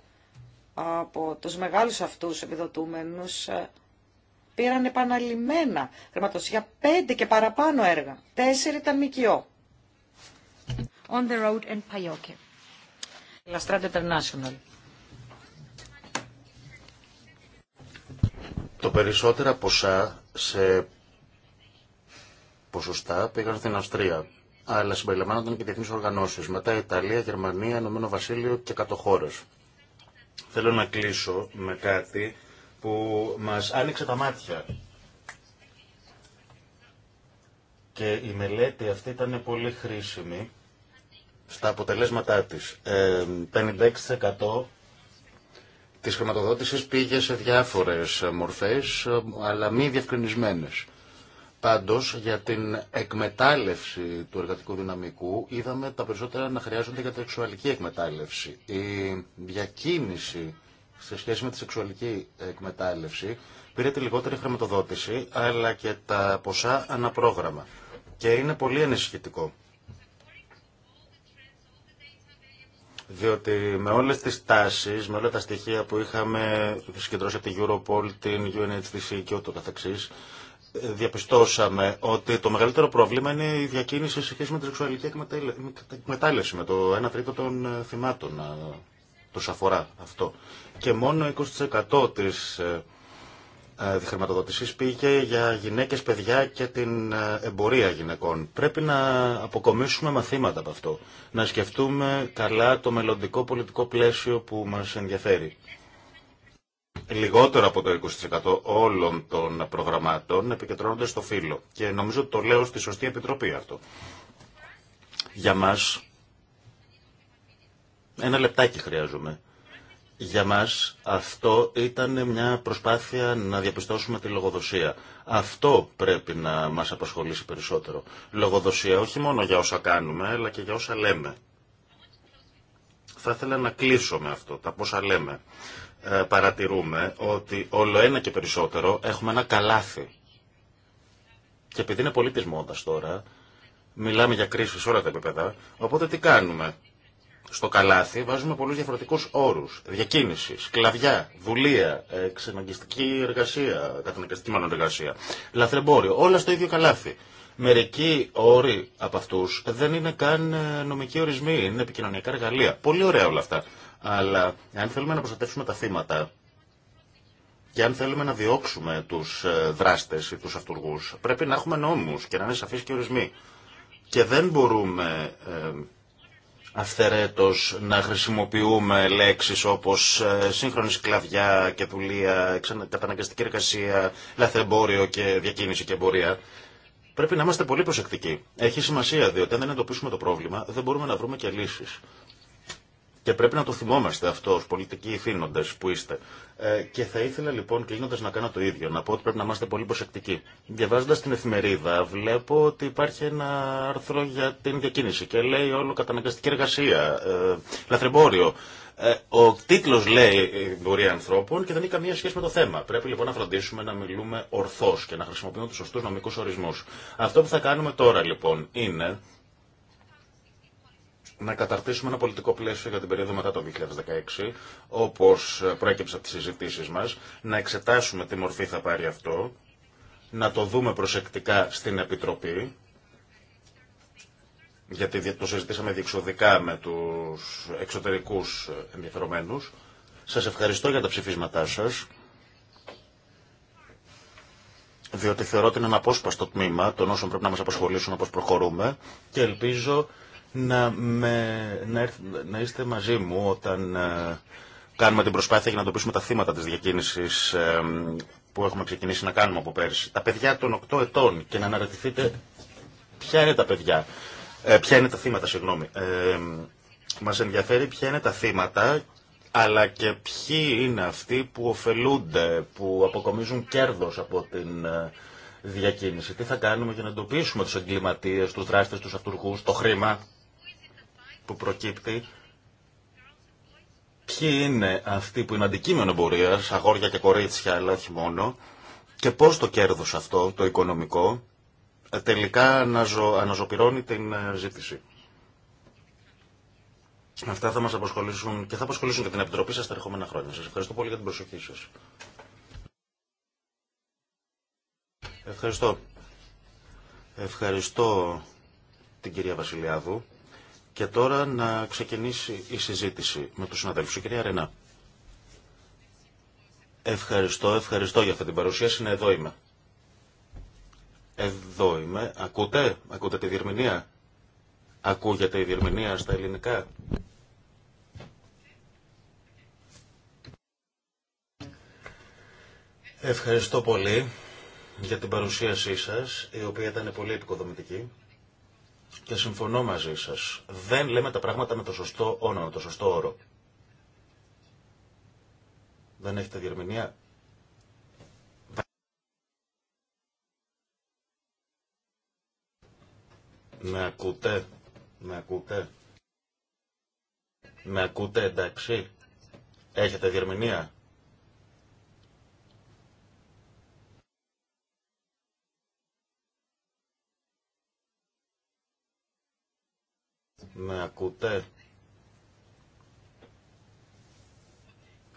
από τους μεγάλους αυτούς επιδοτούμενους πήραν επαναλημμένα χρηματοσία, 5 και παραπάνω έργα. Τέσσερι ήταν μικιό on the road and Το περισσότερα ποσά σε ποσοστά πήγαν στην Αυστρία, αλλά συμπεριλαμβάνονταν και διεθνεί οργανώσει. Μετά Ιταλία, Γερμανία, Ηνωμένο Βασίλειο και 100 Θέλω να κλείσω με κάτι που μα άνοιξε τα μάτια. Και η μελέτη αυτή ήταν πολύ χρήσιμη στα αποτελέσματά της. 56% ε, της χρηματοδότησης πήγε σε διάφορες μορφές, αλλά μη διευκρινισμένες. Πάντως, για την εκμετάλλευση του εργατικού δυναμικού, είδαμε τα περισσότερα να χρειάζονται για τη σεξουαλική εκμετάλλευση. Η διακίνηση σε σχέση με τη σεξουαλική εκμετάλλευση πήρε τη λιγότερη χρηματοδότηση, αλλά και τα ποσά αναπρόγραμμα. Και είναι πολύ ενισχυτικό. Διότι με όλες τις τάσεις, με όλα τα στοιχεία που είχαμε συγκεντρώσει από την Europol, την UNHCC και ούτω καθεξής, διαπιστώσαμε ότι το μεγαλύτερο πρόβλημα είναι η διακίνηση σε σχέση με τη σεξουαλική εκμετάλλευση, με το 1 τρίτο των ε, θυμάτων. Ε, του αφορά αυτό. Και μόνο 20% της ε, ε, χρηματοδότησης πήγε για γυναίκες, παιδιά και την ε, εμπορία γυναικών. Πρέπει να αποκομίσουμε μαθήματα από αυτό. Να σκεφτούμε καλά το μελλοντικό πολιτικό πλαίσιο που μας ενδιαφέρει. Λιγότερο από το 20% όλων των προγραμμάτων επικεντρώνονται στο φύλλο. Και νομίζω ότι το λέω στη σωστή επιτροπή αυτό. Για μας, ένα λεπτάκι χρειάζομαι για μας αυτό ήταν μια προσπάθεια να διαπιστώσουμε τη λογοδοσία. Αυτό πρέπει να μας απασχολήσει περισσότερο. Λογοδοσία όχι μόνο για όσα κάνουμε, αλλά και για όσα λέμε. Θα ήθελα να κλείσω με αυτό, τα πόσα λέμε. Ε, παρατηρούμε ότι όλο ένα και περισσότερο έχουμε ένα καλάθι. Και επειδή είναι πολύ τώρα, μιλάμε για κρίσεις όλα τα επίπεδα, οπότε τι κάνουμε στο καλάθι βάζουμε πολλούς διαφορετικούς όρους. Διακίνηση, σκλαβιά, δουλεία, ε, ξεναγκιστική εργασία, καταναγκαστική μάλλον εργασία, λαθρεμπόριο, όλα στο ίδιο καλάθι. Μερικοί όροι από αυτούς δεν είναι καν ε, νομικοί ορισμοί, είναι επικοινωνιακά εργαλεία. Πολύ ωραία όλα αυτά. Αλλά αν θέλουμε να προστατεύσουμε τα θύματα, και αν θέλουμε να διώξουμε του ε, δράστε ή του αυτούργου, πρέπει να έχουμε νόμου και να είναι σαφεί και ορισμοί. Και δεν μπορούμε αυθερέτως να χρησιμοποιούμε λέξεις όπως ε, σύγχρονη σκλαβιά και δουλεία, καταναγκαστική εργασία, λαθρεμπόριο και διακίνηση και εμπορία. Πρέπει να είμαστε πολύ προσεκτικοί. Έχει σημασία διότι αν δεν εντοπίσουμε το πρόβλημα δεν μπορούμε να βρούμε και λύσεις. Και πρέπει να το θυμόμαστε αυτό ω πολιτικοί ηθήνοντε που είστε. Ε, και θα ήθελα λοιπόν κλείνοντα να κάνω το ίδιο, να πω ότι πρέπει να είμαστε πολύ προσεκτικοί. Διαβάζοντα την εφημερίδα, βλέπω ότι υπάρχει ένα άρθρο για την διακίνηση και λέει όλο καταναγκαστική εργασία, ε, λαθρεμπόριο. Ε, ο τίτλο λέει εμπορία ανθρώπων και δεν έχει καμία σχέση με το θέμα. Πρέπει λοιπόν να φροντίσουμε να μιλούμε ορθώ και να χρησιμοποιούμε του σωστού νομικού ορισμού. Αυτό που θα κάνουμε τώρα λοιπόν είναι να καταρτήσουμε ένα πολιτικό πλαίσιο για την περίοδο μετά το 2016, όπως προέκυψε από τι συζητήσεις μας, να εξετάσουμε τι μορφή θα πάρει αυτό, να το δούμε προσεκτικά στην Επιτροπή, γιατί το συζητήσαμε διεξοδικά με του εξωτερικούς ενδιαφερομένου. Σας ευχαριστώ για τα ψηφίσματά σας, διότι θεωρώ ότι είναι ένα απόσπαστο τμήμα των όσων πρέπει να μας απασχολήσουν όπως προχωρούμε και ελπίζω να, με, να, είστε μαζί μου όταν ε, κάνουμε την προσπάθεια για να εντοπίσουμε τα θύματα της διακίνησης ε, που έχουμε ξεκινήσει να κάνουμε από πέρσι. Τα παιδιά των 8 ετών και να αναρωτηθείτε ποια είναι τα παιδιά, ε, ποια είναι τα θύματα, συγγνώμη. Ε, μας ενδιαφέρει ποια είναι τα θύματα αλλά και ποιοι είναι αυτοί που ωφελούνται, που αποκομίζουν κέρδος από την ε, διακίνηση. Τι θα κάνουμε για να εντοπίσουμε τους εγκληματίες, τους δράστες, τους αυτούργους, το χρήμα που προκύπτει ποιοι είναι αυτοί που είναι αντικείμενο εμπορία, αγόρια και κορίτσια, αλλά όχι μόνο, και πώς το κέρδος αυτό, το οικονομικό, ε, τελικά αναζω, την ε, ζήτηση. Αυτά θα μας απασχολήσουν και θα απασχολήσουν και την Επιτροπή σας τα ερχόμενα χρόνια. Σας ευχαριστώ πολύ για την προσοχή σας. Ευχαριστώ. Ευχαριστώ την κυρία Βασιλιάδου. Και τώρα να ξεκινήσει η συζήτηση με τους συναδέλφους. Η κυρία Ρενά. Ευχαριστώ, ευχαριστώ για αυτή την παρουσίαση. Είναι εδώ είμαι. Εδώ είμαι. Ακούτε, ακούτε τη διερμηνία. Ακούγεται η διερμηνία στα ελληνικά. Ευχαριστώ πολύ για την παρουσίασή σας, η οποία ήταν πολύ επικοδομητική. Και συμφωνώ μαζί σα, Δεν λέμε τα πράγματα με το σωστό όνομα, το σωστό όρο. Δεν έχετε διερμηνία. Με ακούτε. Με ακούτε. Με ακούτε εντάξει. Έχετε διερμηνία. Με ακούτε.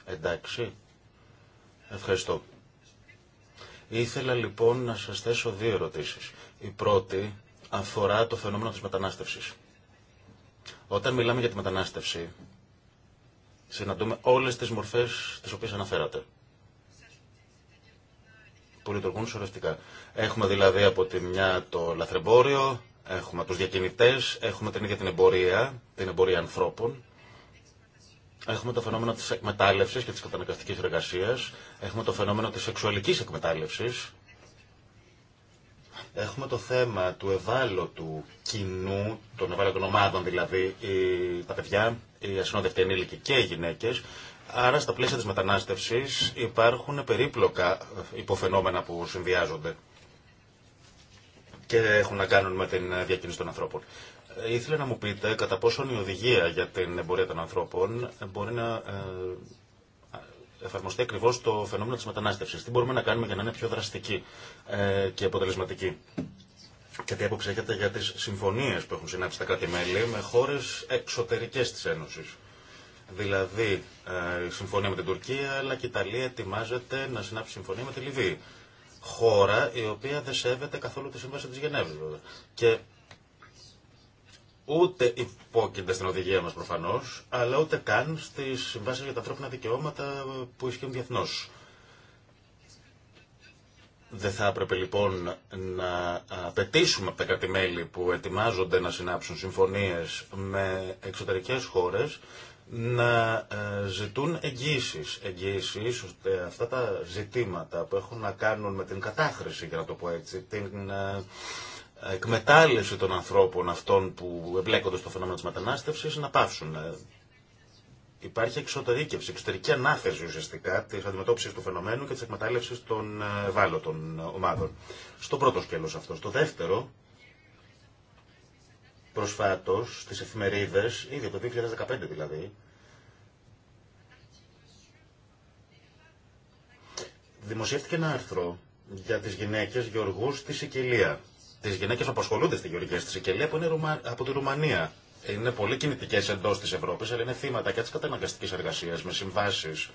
Εντάξει. Ευχαριστώ. Ήθελα λοιπόν να σας θέσω δύο ερωτήσεις. Η πρώτη αφορά το φαινόμενο της μετανάστευσης. Όταν μιλάμε για τη μετανάστευση, συναντούμε όλες τις μορφές τις οποίες αναφέρατε. Που λειτουργούν σωρευτικά. Έχουμε δηλαδή από τη μια το λαθρεμπόριο, Έχουμε τους διακινητές, έχουμε την ίδια την εμπορία, την εμπορία ανθρώπων, Έχουμε το φαινόμενο της εκμετάλλευσης και της καταναγκαστικής εργασίας. Έχουμε το φαινόμενο της σεξουαλικής εκμετάλλευσης. Έχουμε το θέμα του ευάλωτου κοινού, των ευάλωτων ομάδων δηλαδή, τα παιδιά, οι ασυνόδευτοι ενήλικοι και οι γυναίκες. Άρα στα πλαίσια της μετανάστευσης υπάρχουν περίπλοκα υποφαινόμενα που συνδυάζονται και έχουν να κάνουν με την ε, διακίνηση των ανθρώπων. Ε, Ήθελα να μου πείτε κατά πόσον η οδηγία για την εμπορία των ανθρώπων ε, μπορεί να εφαρμοστεί ακριβώ το φαινόμενο τη μετανάστευση. Τι μπορούμε να κάνουμε για να είναι πιο δραστική και αποτελεσματική. Και τι άποψη έχετε για τι συμφωνίε που έχουν συνάψει τα κράτη-μέλη με χώρε εξωτερικέ τη Ένωση. Δηλαδή η συμφωνία με την Τουρκία, αλλά και η Ιταλία ετοιμάζεται να συνάψει συμφωνία με τη Λιβύη χώρα η οποία δεν σέβεται καθόλου τη σύμβαση της Γενέβη, Και ούτε υπόκεινται στην οδηγία μας προφανώς, αλλά ούτε καν στις συμβάσει για τα ανθρώπινα δικαιώματα που ισχύουν διεθνώ. Δεν θα έπρεπε λοιπόν να απαιτήσουμε από τα κράτη-μέλη που ετοιμάζονται να συνάψουν συμφωνίες με εξωτερικές χώρες να ε, ζητούν εγγύησεις. Εγγύησεις ώστε αυτά τα ζητήματα που έχουν να κάνουν με την κατάχρηση, για να το πω έτσι, την ε, εκμετάλλευση των ανθρώπων αυτών που εμπλέκονται στο φαινόμενο της μετανάστευσης να πάψουν. Ε, υπάρχει εξωτερήκευση, εξωτερική ανάθεση ουσιαστικά τη αντιμετώπιση του φαινομένου και τη εκμετάλλευση των ευάλωτων ομάδων. Στο πρώτο σκέλο αυτό. Στο δεύτερο, προσφάτως στις εφημερίδες, ήδη το 2015 δηλαδή, δημοσιεύτηκε ένα άρθρο για τις γυναίκες γεωργούς στη Σικελία. Τις γυναίκες που απασχολούνται στη γεωργία στη Σικελία που είναι από τη Ρουμανία. Είναι πολύ κινητικές εντός της Ευρώπης, αλλά είναι θύματα και της καταναγκαστικής εργασίας με συμβάσεις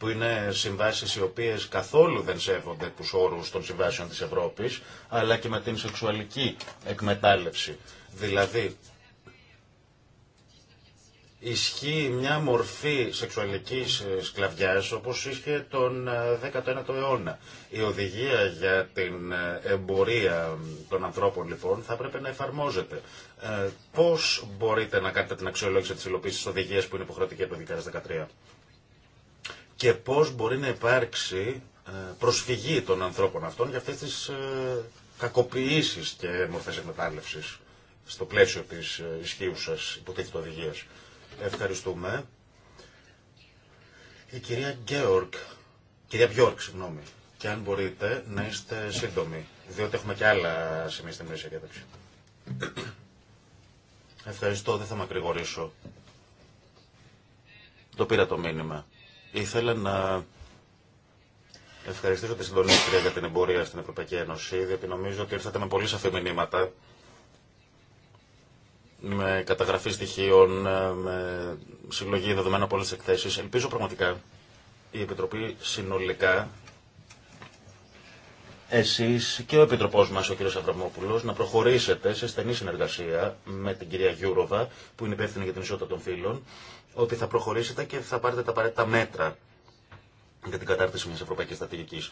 που είναι συμβάσει οι οποίε καθόλου δεν σέβονται του όρου των συμβάσεων τη Ευρώπη, αλλά και με την σεξουαλική εκμετάλλευση. Δηλαδή, ισχύει μια μορφή σεξουαλικής ε, σκλαβιάς όπως είχε τον 19ο ε, αιώνα. Η οδηγία για την ε, εμπορία των ανθρώπων λοιπόν θα πρέπει να εφαρμόζεται. Πώ πώς μπορείτε να κάνετε την αξιολόγηση της υλοποίησης της οδηγίας που είναι υποχρεωτική από το 2013 και πώς μπορεί να υπάρξει ε, προσφυγή των ανθρώπων αυτών για αυτές τις ε, κακοποιήσεις και μορφές εκμετάλλευση στο πλαίσιο της ε, ισχύουσας υποτίθεται οδηγίας. Ευχαριστούμε. Η κυρία Γκέορκ, κυρία Μπιόρκ, συγγνώμη, και αν μπορείτε να είστε σύντομοι, διότι έχουμε και άλλα σημεία στην μέση διάταξη. Ευχαριστώ, δεν θα με ακρηγορήσω. Το πήρα το μήνυμα. Ήθελα να ευχαριστήσω τη συντονίστρια για την εμπορία στην Ευρωπαϊκή Ένωση, διότι νομίζω ότι ήρθατε με πολύ σαφή μηνύματα, με καταγραφή στοιχείων, με συλλογή δεδομένα από όλε τι εκθέσει. Ελπίζω πραγματικά η Επιτροπή συνολικά, εσείς και ο Επιτροπός μας, ο κ. Αβραμόπουλος, να προχωρήσετε σε στενή συνεργασία με την κυρία Γιούροβα, που είναι υπεύθυνη για την ισότητα των φύλων, ότι θα προχωρήσετε και θα πάρετε τα απαραίτητα μέτρα για την κατάρτιση μιας ευρωπαϊκής Ε,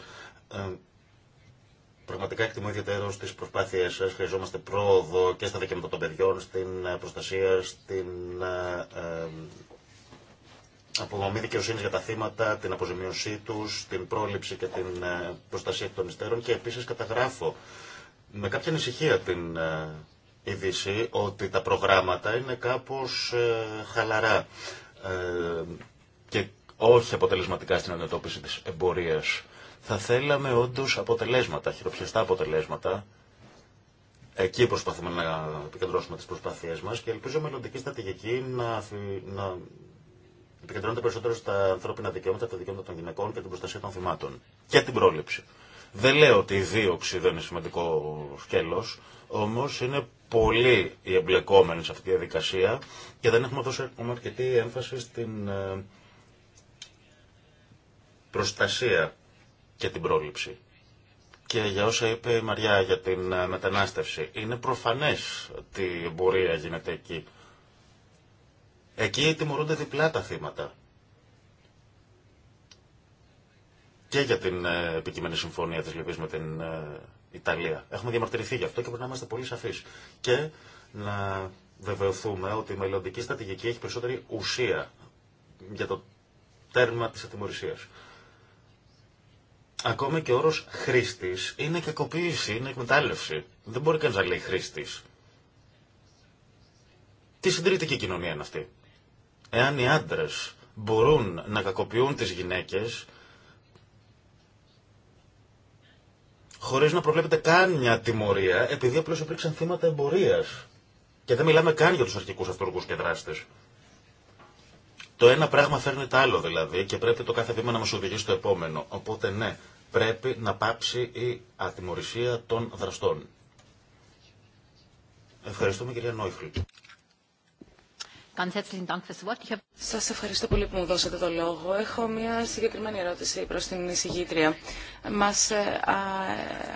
Πραγματικά εκτιμώ ιδιαίτερω τι προσπάθειέ σα. Χρειαζόμαστε πρόοδο και στα δικαιώματα των παιδιών, στην ε, προστασία, στην ε, ε, απομονή δικαιοσύνη για τα θύματα, την αποζημίωσή του, την πρόληψη και την προστασία των υστέρων και επίση καταγράφω με κάποια ανησυχία την ότι τα προγράμματα είναι κάπως ε, χαλαρά ε, και όχι αποτελεσματικά στην αντιμετώπιση της εμπορίας. Θα θέλαμε όντως αποτελέσματα, χειροπιαστά αποτελέσματα. Εκεί προσπαθούμε να επικεντρώσουμε τις προσπάθειές μας και ελπίζω μελλοντική στρατηγική να, να επικεντρώνεται περισσότερο στα ανθρώπινα δικαιώματα, τα δικαιώματα των γυναικών και την προστασία των θυμάτων. Και την πρόληψη. Δεν λέω ότι η δίωξη δεν είναι σημαντικό σκέλος, όμως είναι πολύ οι εμπλεκόμενοι σε αυτή τη διαδικασία και δεν έχουμε δώσει ακόμα αρκετή έμφαση στην ε, προστασία και την πρόληψη. Και για όσα είπε η Μαριά για την ε, μετανάστευση, είναι προφανές ότι η εμπορία γίνεται εκεί. Εκεί τιμωρούνται διπλά τα θύματα. Και για την ε, επικείμενη συμφωνία της Λιβύης με την Ιταλία. Έχουμε διαμαρτυρηθεί γι' αυτό και πρέπει να είμαστε πολύ σαφεί. Και να βεβαιωθούμε ότι η μελλοντική στρατηγική έχει περισσότερη ουσία για το τέρμα τη ατιμορρησία. Ακόμα και ο όρο χρήστη είναι κακοποίηση, είναι εκμετάλλευση. Δεν μπορεί κανεί να λέει χρήστη. Τι συντηρητική κοινωνία είναι αυτή. Εάν οι άντρε μπορούν να κακοποιούν τι γυναίκε, χωρί να προβλέπεται καν μια τιμωρία, επειδή απλώ υπήρξαν θύματα εμπορία. Και δεν μιλάμε καν για του αρχικού αυτούργου και δράστε. Το ένα πράγμα φέρνει το άλλο δηλαδή και πρέπει το κάθε βήμα να μα οδηγεί στο επόμενο. Οπότε ναι, πρέπει να πάψει η ατιμορρησία των δραστών. Ευχαριστούμε κυρία Νόιφλη. Σας ευχαριστώ πολύ που μου δώσατε το λόγο. Έχω μια συγκεκριμένη ερώτηση προς την εισηγήτρια. Μας ε,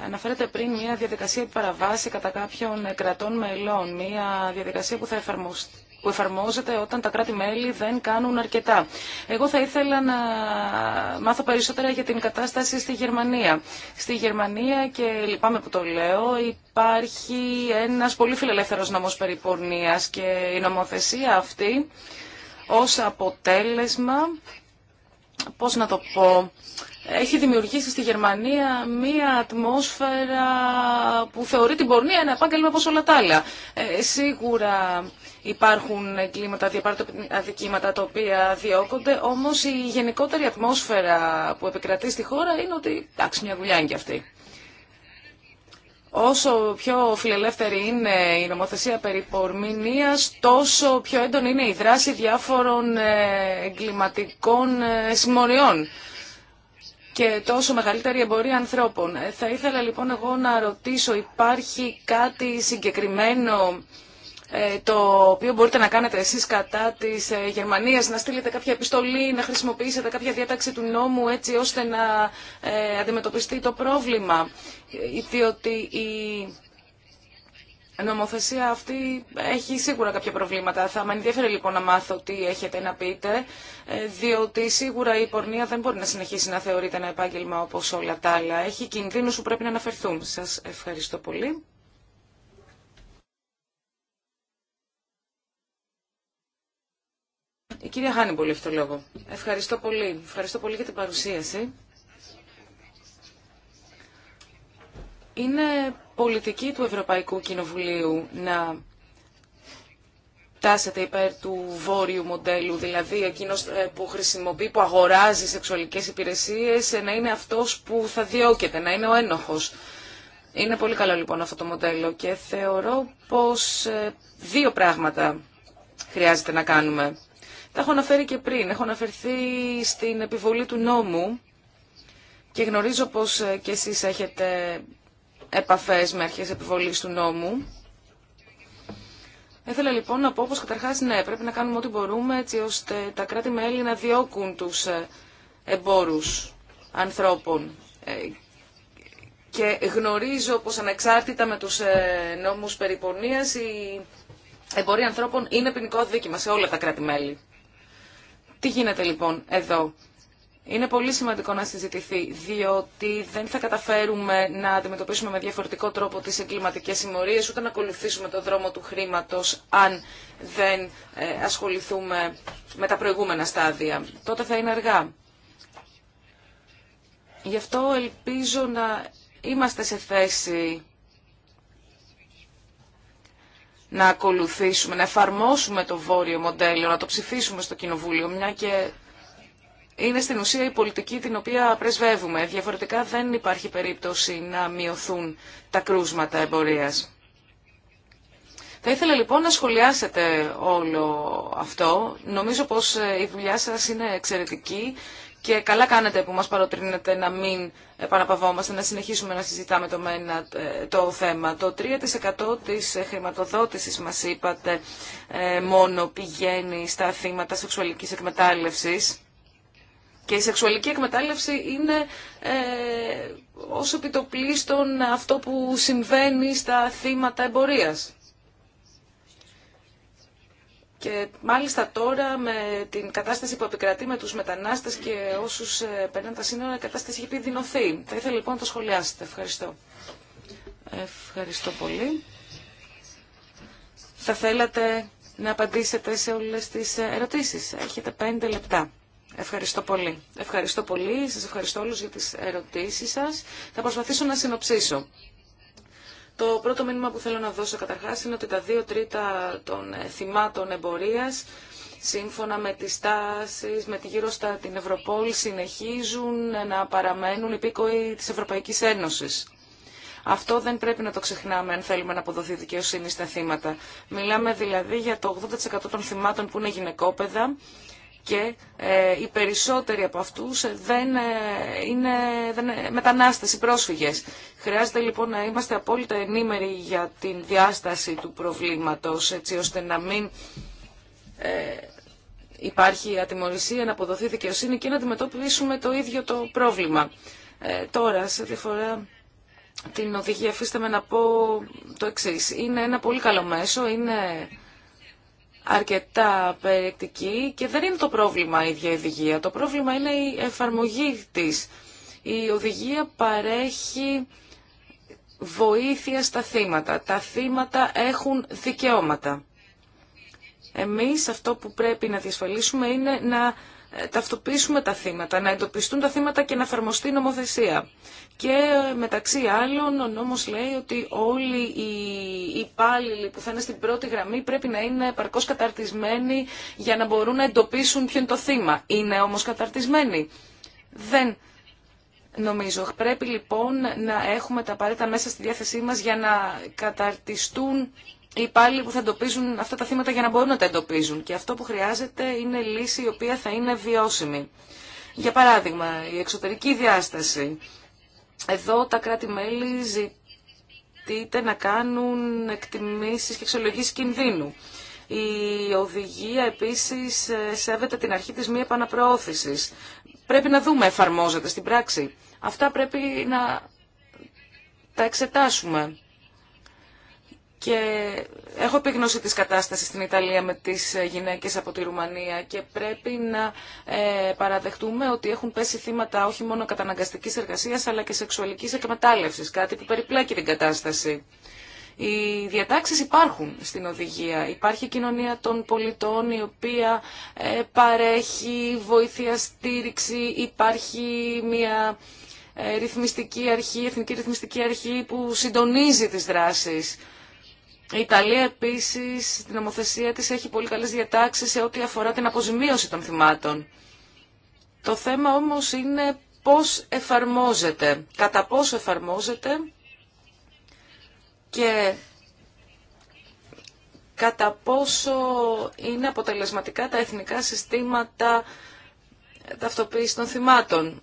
αναφέρατε πριν μια διαδικασία παραβάση κατά κάποιων κρατών μελών, μια διαδικασία που θα εφαρμοστεί που εφαρμόζεται όταν τα κράτη-μέλη δεν κάνουν αρκετά. Εγώ θα ήθελα να μάθω περισσότερα για την κατάσταση στη Γερμανία. Στη Γερμανία, και λυπάμαι που το λέω, υπάρχει ένας πολύ φιλελεύθερος νόμος περιπορνίας και η νομοθεσία αυτή ως αποτέλεσμα, πώς να το πω, έχει δημιουργήσει στη Γερμανία μία ατμόσφαιρα που θεωρεί την πορνεία ένα επάγγελμα όπως όλα τα άλλα. Ε, σίγουρα υπάρχουν εγκλήματα, αδικήματα τα οποία διώκονται, όμως η γενικότερη ατμόσφαιρα που επικρατεί στη χώρα είναι ότι εντάξει μια δουλειά είναι και αυτή. Όσο πιο φιλελεύθερη είναι η νομοθεσία περί πορμηνίας, τόσο πιο έντονη είναι η δράση διάφορων ε, εγκληματικών ε, συμμοριών και τόσο μεγαλύτερη εμπορία ανθρώπων. Ε, θα ήθελα λοιπόν εγώ να ρωτήσω, υπάρχει κάτι συγκεκριμένο ε, το οποίο μπορείτε να κάνετε εσείς κατά της ε, Γερμανίας, να στείλετε κάποια επιστολή, να χρησιμοποιήσετε κάποια διάταξη του νόμου έτσι ώστε να ε, αντιμετωπιστεί το πρόβλημα. Διότι η νομοθεσία αυτή έχει σίγουρα κάποια προβλήματα. Θα με ενδιαφέρει λοιπόν να μάθω τι έχετε να πείτε, διότι σίγουρα η πορνεία δεν μπορεί να συνεχίσει να θεωρείται ένα επάγγελμα όπως όλα τα άλλα. Έχει κινδύνους που πρέπει να αναφερθούν. Σας ευχαριστώ πολύ. Η κυρία Χάνιμπολ έχει το λόγο. Ευχαριστώ πολύ. Ευχαριστώ πολύ για την παρουσίαση. Είναι πολιτική του Ευρωπαϊκού Κοινοβουλίου να τάσετε υπέρ του βόρειου μοντέλου, δηλαδή εκείνος ε, που χρησιμοποιεί, που αγοράζει σεξουαλικές υπηρεσίες, ε, να είναι αυτός που θα διώκεται, να είναι ο ένοχος. Είναι πολύ καλό λοιπόν αυτό το μοντέλο και θεωρώ πως ε, δύο πράγματα χρειάζεται να κάνουμε. Τα έχω αναφέρει και πριν. Έχω αναφερθεί στην επιβολή του νόμου και γνωρίζω πως ε, και εσείς έχετε επαφές με αρχές επιβολής του νόμου. Ήθελα λοιπόν να πω πως καταρχάς ναι, πρέπει να κάνουμε ό,τι μπορούμε έτσι ώστε τα κράτη-μέλη να διώκουν τους ε, εμπόρους ανθρώπων. Ε, και γνωρίζω πως ανεξάρτητα με τους νόμους περιπονίας η εμπορία ανθρώπων είναι ποινικό δίκημα σε όλα τα κράτη-μέλη. Τι γίνεται λοιπόν εδώ. Είναι πολύ σημαντικό να συζητηθεί, διότι δεν θα καταφέρουμε να αντιμετωπίσουμε με διαφορετικό τρόπο τις εγκληματικές συμμορίες, ούτε να ακολουθήσουμε τον δρόμο του χρήματος, αν δεν ε, ασχοληθούμε με τα προηγούμενα στάδια. Τότε θα είναι αργά. Γι' αυτό ελπίζω να είμαστε σε θέση να ακολουθήσουμε, να εφαρμόσουμε το βόρειο μοντέλο, να το ψηφίσουμε στο Κοινοβούλιο, μια και είναι στην ουσία η πολιτική την οποία πρεσβεύουμε. Διαφορετικά δεν υπάρχει περίπτωση να μειωθούν τα κρούσματα εμπορίας. Θα ήθελα λοιπόν να σχολιάσετε όλο αυτό. Νομίζω πως ε, η δουλειά σας είναι εξαιρετική και καλά κάνετε που μας παροτρύνετε να μην επαναπαυόμαστε, να συνεχίσουμε να συζητάμε το, μένα, ε, το θέμα. Το 3% της ε, χρηματοδότησης, μας είπατε, ε, μόνο πηγαίνει στα θύματα σεξουαλικής εκμετάλλευσης. Και η σεξουαλική εκμετάλλευση είναι ε, ως επιτοπλίστων αυτό που συμβαίνει στα θύματα εμπορίας. Και μάλιστα τώρα με την κατάσταση που επικρατεί με τους μετανάστες και όσους ε, περνάνε τα σύνορα, η κατάσταση έχει επιδεινωθεί. Θα ήθελα λοιπόν να το σχολιάσετε. Ευχαριστώ. Ευχαριστώ πολύ. Θα θέλατε να απαντήσετε σε όλες τις ερωτήσεις. Έχετε πέντε λεπτά. Ευχαριστώ πολύ. Ευχαριστώ πολύ. Σας ευχαριστώ όλους για τις ερωτήσεις σας. Θα προσπαθήσω να συνοψίσω. Το πρώτο μήνυμα που θέλω να δώσω καταρχάς είναι ότι τα δύο τρίτα των ε, θυμάτων εμπορίας σύμφωνα με τις τάσεις, με τη γύρω στα την Ευρωπόλ, συνεχίζουν ε, να παραμένουν υπήκοοι της Ευρωπαϊκής Ένωσης. Αυτό δεν πρέπει να το ξεχνάμε αν θέλουμε να αποδοθεί δικαιοσύνη στα θύματα. Μιλάμε δηλαδή για το 80% των θυμάτων που είναι γυναικόπαιδα και ε, οι περισσότεροι από αυτούς δεν, ε, είναι, δεν, ε, μετανάστες, ή πρόσφυγες. Χρειάζεται λοιπόν να είμαστε απόλυτα ενήμεροι για την διάσταση του προβλήματος, έτσι ώστε να μην υπάρχει ατιμορρησία, να αποδοθεί δικαιοσύνη και να αντιμετωπίσουμε το ίδιο το πρόβλημα. τώρα, σε τη φορά την οδηγία, αφήστε με να πω το εξής. Είναι ένα πολύ καλό μέσο, είναι αρκετά περιεκτική και δεν είναι το πρόβλημα η ίδια οδηγία. Το πρόβλημα είναι η εφαρμογή της. Η οδηγία παρέχει βοήθεια στα θύματα. Τα θύματα έχουν δικαιώματα. Εμείς αυτό που πρέπει να διασφαλίσουμε είναι να ε, ταυτοποιήσουμε τα θύματα, να εντοπιστούν τα θύματα και να εφαρμοστεί η νομοθεσία. Και ε, μεταξύ άλλων ο νόμος λέει ότι όλοι οι υπάλληλοι που θα είναι στην πρώτη γραμμή πρέπει να είναι παρκώς καταρτισμένοι για να μπορούν να εντοπίσουν ποιο είναι το θύμα. Είναι όμως καταρτισμένοι. Δεν νομίζω. Πρέπει λοιπόν να έχουμε τα απαραίτητα μέσα στη διάθεσή μας για να καταρτιστούν οι υπάλληλοι που θα εντοπίζουν αυτά τα θύματα για να μπορούν να τα εντοπίζουν. Και αυτό που χρειάζεται είναι λύση η οποία θα είναι βιώσιμη. Για παράδειγμα, η εξωτερική διάσταση. Εδώ τα κράτη-μέλη ζητείται να κάνουν εκτιμήσεις και εξολογήσεις κινδύνου. Η οδηγία επίσης σέβεται την αρχή της μη επαναπροώθησης. Πρέπει να δούμε εφαρμόζεται στην πράξη. Αυτά πρέπει να τα εξετάσουμε. Και έχω επίγνωση της κατάστασης στην Ιταλία με τις γυναίκες από τη Ρουμανία και πρέπει να ε, παραδεχτούμε ότι έχουν πέσει θύματα όχι μόνο καταναγκαστικής εργασίας αλλά και σεξουαλικής εκμετάλλευσης, κάτι που περιπλέκει την κατάσταση. Οι διατάξεις υπάρχουν στην οδηγία. Υπάρχει κοινωνία των πολιτών η οποία ε, παρέχει βοήθεια στήριξη, υπάρχει μια ε, ρυθμιστική αρχή, εθνική ρυθμιστική αρχή που συντονίζει τις δράσεις. Η Ιταλία επίσης στην νομοθεσία της έχει πολύ καλές διατάξεις σε ό,τι αφορά την αποζημίωση των θυμάτων. Το θέμα όμως είναι πώς εφαρμόζεται, κατά πόσο εφαρμόζεται και κατά πόσο είναι αποτελεσματικά τα εθνικά συστήματα ταυτοποίηση των θυμάτων.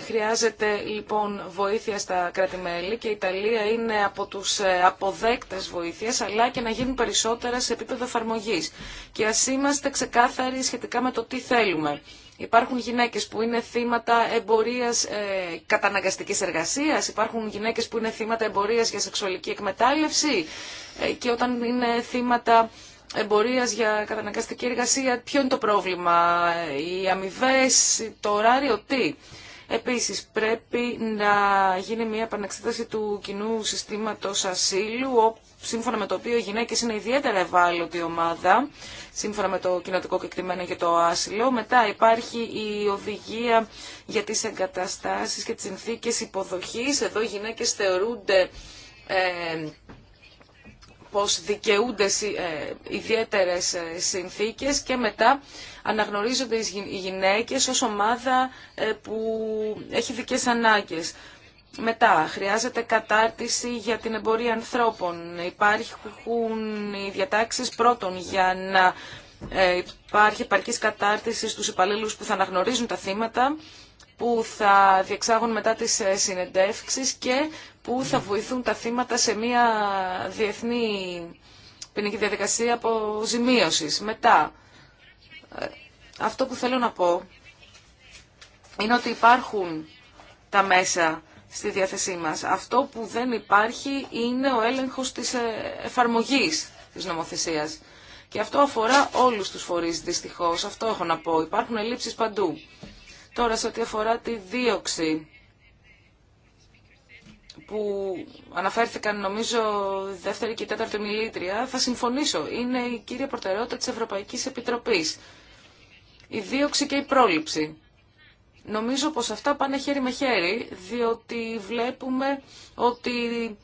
Χρειάζεται λοιπόν βοήθεια στα κράτη-μέλη και η Ιταλία είναι από τους ε, αποδέκτες βοήθειας αλλά και να γίνουν περισσότερα σε επίπεδο εφαρμογή. Και ας είμαστε ξεκάθαροι σχετικά με το τι θέλουμε. Υπάρχουν γυναίκες που είναι θύματα εμπορίας ε, καταναγκαστικής εργασίας, υπάρχουν γυναίκες που είναι θύματα εμπορίας για σεξουαλική εκμετάλλευση ε, και όταν είναι θύματα εμπορίας για καταναγκαστική εργασία ποιο είναι το πρόβλημα, ε, οι αμοιβέ, το ωράριο, τι. Επίσης, πρέπει να γίνει μια επανεξέταση του κοινού συστήματος ασύλου, σύμφωνα με το οποίο οι γυναίκες είναι ιδιαίτερα ευάλωτη ομάδα, σύμφωνα με το κοινοτικό κεκτημένο για το άσυλο. Μετά υπάρχει η οδηγία για τις εγκαταστάσεις και τις συνθήκες υποδοχής. Εδώ οι γυναίκες θεωρούνται... Ε, πως δικαιούνται ε, ιδιαίτερες ε, συνθήκες και μετά αναγνωρίζονται οι γυναίκες ως ομάδα ε, που έχει δικές ανάγκες. Μετά, χρειάζεται κατάρτιση για την εμπορία ανθρώπων. Υπάρχουν οι διατάξεις πρώτον για να ε, υπάρχει επαρκής κατάρτιση στους υπαλλήλους που θα αναγνωρίζουν τα θύματα, που θα διεξάγουν μετά τις ε, συνεντεύξεις και που θα βοηθούν τα θύματα σε μια διεθνή ποινική διαδικασία αποζημίωσης. Μετά, αυτό που θέλω να πω είναι ότι υπάρχουν τα μέσα στη διάθεσή μας. Αυτό που δεν υπάρχει είναι ο έλεγχος της ε, εφαρμογής της νομοθεσίας. Και αυτό αφορά όλους τους φορείς, δυστυχώς. Αυτό έχω να πω. Υπάρχουν ελλείψεις παντού. Τώρα, σε ό,τι αφορά τη δίωξη που αναφέρθηκαν νομίζω δεύτερη και τέταρτη μιλήτρια, θα συμφωνήσω. Είναι η κύρια προτεραιότητα της Ευρωπαϊκής Επιτροπής η δίωξη και η πρόληψη. Νομίζω πως αυτά πάνε χέρι με χέρι, διότι βλέπουμε ότι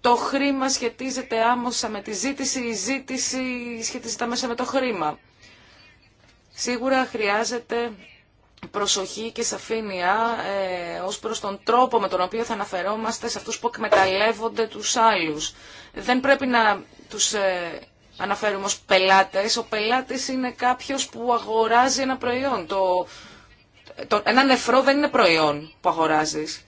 το χρήμα σχετίζεται άμοσα με τη ζήτηση, η ζήτηση σχετίζεται μέσα με το χρήμα. Σίγουρα χρειάζεται προσοχή και σαφήνεια ε, ως προς τον τρόπο με τον οποίο θα αναφερόμαστε σε αυτούς που εκμεταλλεύονται τους άλλους. Δεν πρέπει να τους ε, αναφέρουμε ως πελάτες. Ο πελάτης είναι κάποιος που αγοράζει ένα προϊόν. Το, ένα νεφρό δεν είναι προϊόν που αγοράζεις.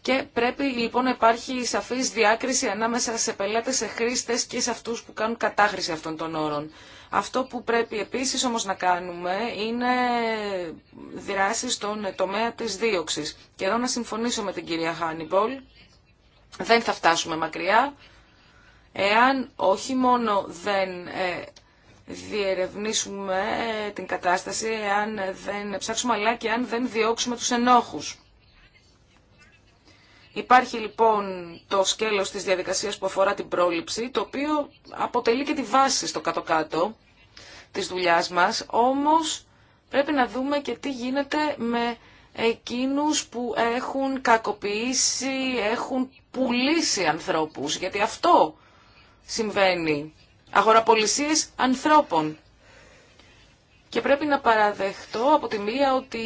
Και πρέπει λοιπόν να υπάρχει σαφής διάκριση ανάμεσα σε πελάτες, σε χρήστες και σε αυτούς που κάνουν κατάχρηση αυτών των όρων. Αυτό που πρέπει επίσης όμως να κάνουμε είναι δράσεις στον τομέα της δίωξης. Και εδώ να συμφωνήσω με την κυρία Χάνιμπολ, δεν θα φτάσουμε μακριά εάν όχι μόνο δεν ε, διερευνήσουμε ε, την κατάσταση, εάν δεν ψάξουμε, αλλά και αν δεν διώξουμε τους ενόχους. Υπάρχει λοιπόν το σκέλος της διαδικασίας που αφορά την πρόληψη, το οποίο αποτελεί και τη βάση στο κάτω-κάτω της δουλειάς μας, όμως πρέπει να δούμε και τι γίνεται με εκείνους που έχουν κακοποιήσει, έχουν πουλήσει ανθρώπους, γιατί αυτό συμβαίνει. Αγοραπολισίες ανθρώπων. Και πρέπει να παραδεχτώ από τη μία ότι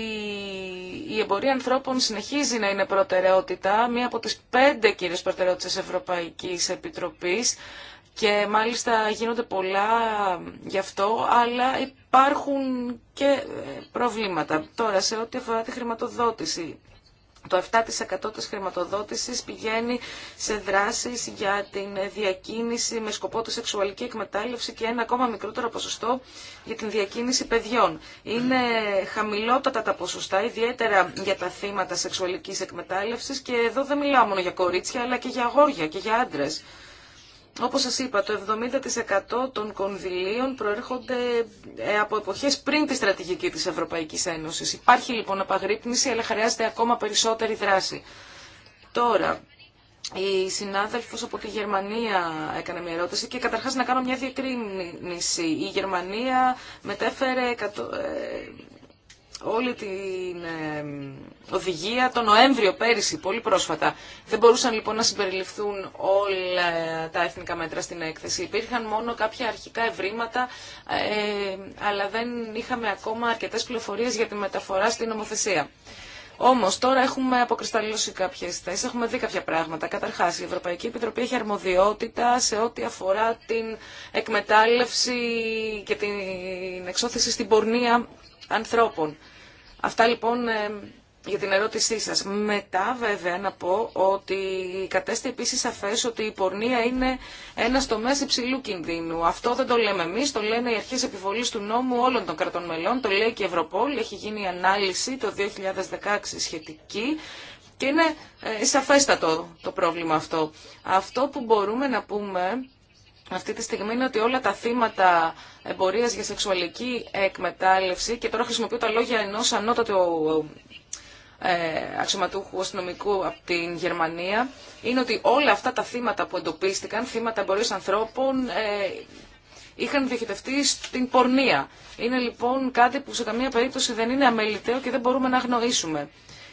η εμπορία ανθρώπων συνεχίζει να είναι προτεραιότητα, μία από τις πέντε κύριες προτεραιότητες Ευρωπαϊκής Επιτροπής και μάλιστα γίνονται πολλά γι' αυτό, αλλά υπάρχουν και ε, προβλήματα. Τώρα, σε ό,τι αφορά τη χρηματοδότηση, το 7% της χρηματοδότησης πηγαίνει σε δράσεις για την διακίνηση με σκοπό τη σεξουαλική εκμετάλλευση και ένα ακόμα μικρότερο ποσοστό για την διακίνηση παιδιών. Είναι χαμηλότατα τα ποσοστά, ιδιαίτερα για τα θύματα σεξουαλικής εκμετάλλευσης και εδώ δεν μιλάω μόνο για κορίτσια αλλά και για αγόρια και για άντρες. Όπως σας είπα, το 70% των κονδυλίων προέρχονται ε, από εποχές πριν τη στρατηγική της Ευρωπαϊκής Ένωσης. Υπάρχει λοιπόν απαγρύπνηση, αλλά χρειάζεται ακόμα περισσότερη δράση. Τώρα, η συνάδελφος από τη Γερμανία έκανε μια ερώτηση και καταρχάς να κάνω μια διακρίνηση. Η Γερμανία μετέφερε ε, όλη την ε, οδηγία το Νοέμβριο πέρυσι, πολύ πρόσφατα. Δεν μπορούσαν λοιπόν να συμπεριληφθούν όλα τα εθνικά μέτρα στην έκθεση. Υπήρχαν μόνο κάποια αρχικά ευρήματα, ε, αλλά δεν είχαμε ακόμα αρκετές πληροφορίες για τη μεταφορά στην νομοθεσία. Όμω τώρα έχουμε αποκρισταλλώσει κάποιε θέσει, έχουμε δει κάποια πράγματα. Καταρχά, η Ευρωπαϊκή Επιτροπή έχει αρμοδιότητα σε ό,τι αφορά την εκμετάλλευση και την εξώθηση στην πορνεία ανθρώπων. Αυτά λοιπόν ε, για την ερώτησή σας. Μετά βέβαια να πω ότι κατέστη επίσης σαφές ότι η πορνεία είναι ένας τομέας υψηλού κινδύνου. Αυτό δεν το λέμε εμείς, το λένε οι αρχές επιβολής του νόμου όλων των κρατών μελών, το λέει και η Ευρωπόλ, έχει γίνει η ανάλυση το 2016 σχετική και είναι ε, σαφέστατο το πρόβλημα αυτό. Αυτό που μπορούμε να πούμε αυτή τη στιγμή είναι ότι όλα τα θύματα εμπορίας για σεξουαλική εκμετάλλευση και τώρα χρησιμοποιώ τα λόγια ενός ανώτατου ε, αξιωματούχου αστυνομικού από την Γερμανία είναι ότι όλα αυτά τα θύματα που εντοπίστηκαν, θύματα εμπορίας ανθρώπων, ε, είχαν διοχετευτεί στην πορνεία. Είναι λοιπόν κάτι που σε καμία περίπτωση δεν είναι αμεληταίο και δεν μπορούμε να αγνοήσουμε.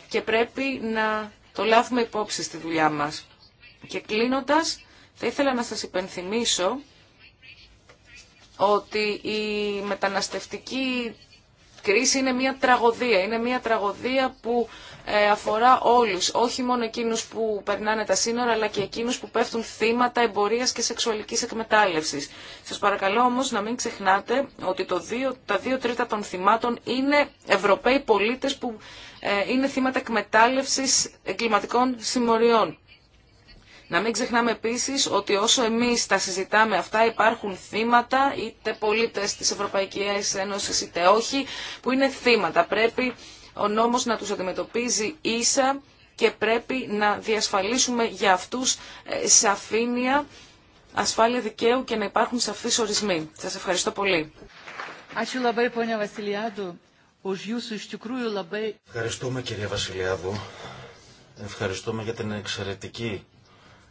Και πρέπει να το λάβουμε υπόψη στη δουλειά μας. Και κλείνοντας, θα ήθελα να σας υπενθυμίσω ότι η μεταναστευτική κρίση είναι μια τραγωδία. Είναι μια τραγωδία που ε, αφορά όλους, όχι μόνο εκείνους που περνάνε τα σύνορα, αλλά και εκείνους που πέφτουν θύματα εμπορίας και σεξουαλικής εκμετάλλευσης. Σας παρακαλώ όμως να μην ξεχνάτε ότι το δύο, τα δύο τρίτα των θυμάτων είναι Ευρωπαίοι πολίτες που ε, είναι θύματα εκμετάλλευσης εγκληματικών συμμοριών. Να μην ξεχνάμε επίση ότι όσο εμεί τα συζητάμε αυτά υπάρχουν θύματα, είτε πολίτε τη Ευρωπαϊκή Ένωση, είτε όχι, που είναι θύματα. Πρέπει ο νόμος να τους αντιμετωπίζει ίσα και πρέπει να διασφαλίσουμε για αυτούς ε, σαφήνεια, ασφάλεια δικαίου και να υπάρχουν σαφείς ορισμοί. Σας ευχαριστώ πολύ. Ευχαριστούμε κυρία Βασιλιάδου. Ευχαριστούμε για την εξαιρετική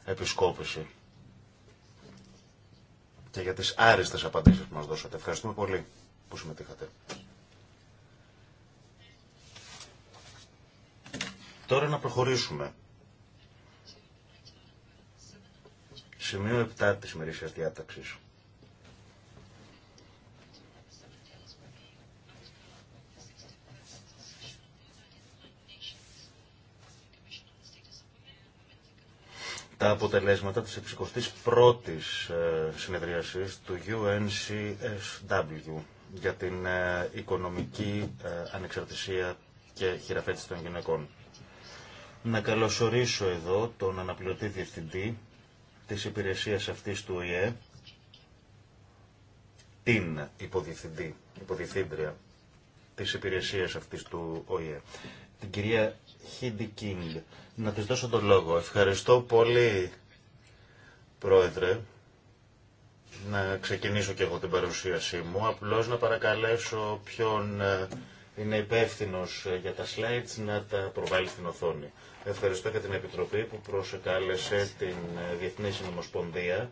επισκόπηση και για τις άριστες απαντήσεις που μας δώσατε. Ευχαριστούμε πολύ που συμμετείχατε. Τώρα να προχωρήσουμε. Σημείο 7 της ημερήσιας διάταξης. τα αποτελέσματα της 61ης ε, συνεδρίασης του UNCSW για την ε, οικονομική ε, ανεξαρτησία και χειραφέτηση των γυναικών. Να καλωσορίσω εδώ τον αναπληρωτή διευθυντή της υπηρεσίας αυτής του ΟΗΕ, την υποδιευθυντή, υποδιευθύντρια της υπηρεσίας αυτής του ΟΗΕ, την κυρία Χίντι Να της δώσω τον λόγο. Ευχαριστώ πολύ, Πρόεδρε. Να ξεκινήσω και εγώ την παρουσίασή μου. Απλώς να παρακαλέσω ποιον ε, είναι υπεύθυνο ε, για τα slides να τα προβάλλει στην οθόνη. Ευχαριστώ και την Επιτροπή που προσεκάλεσε την ε, Διεθνή Συνομοσπονδία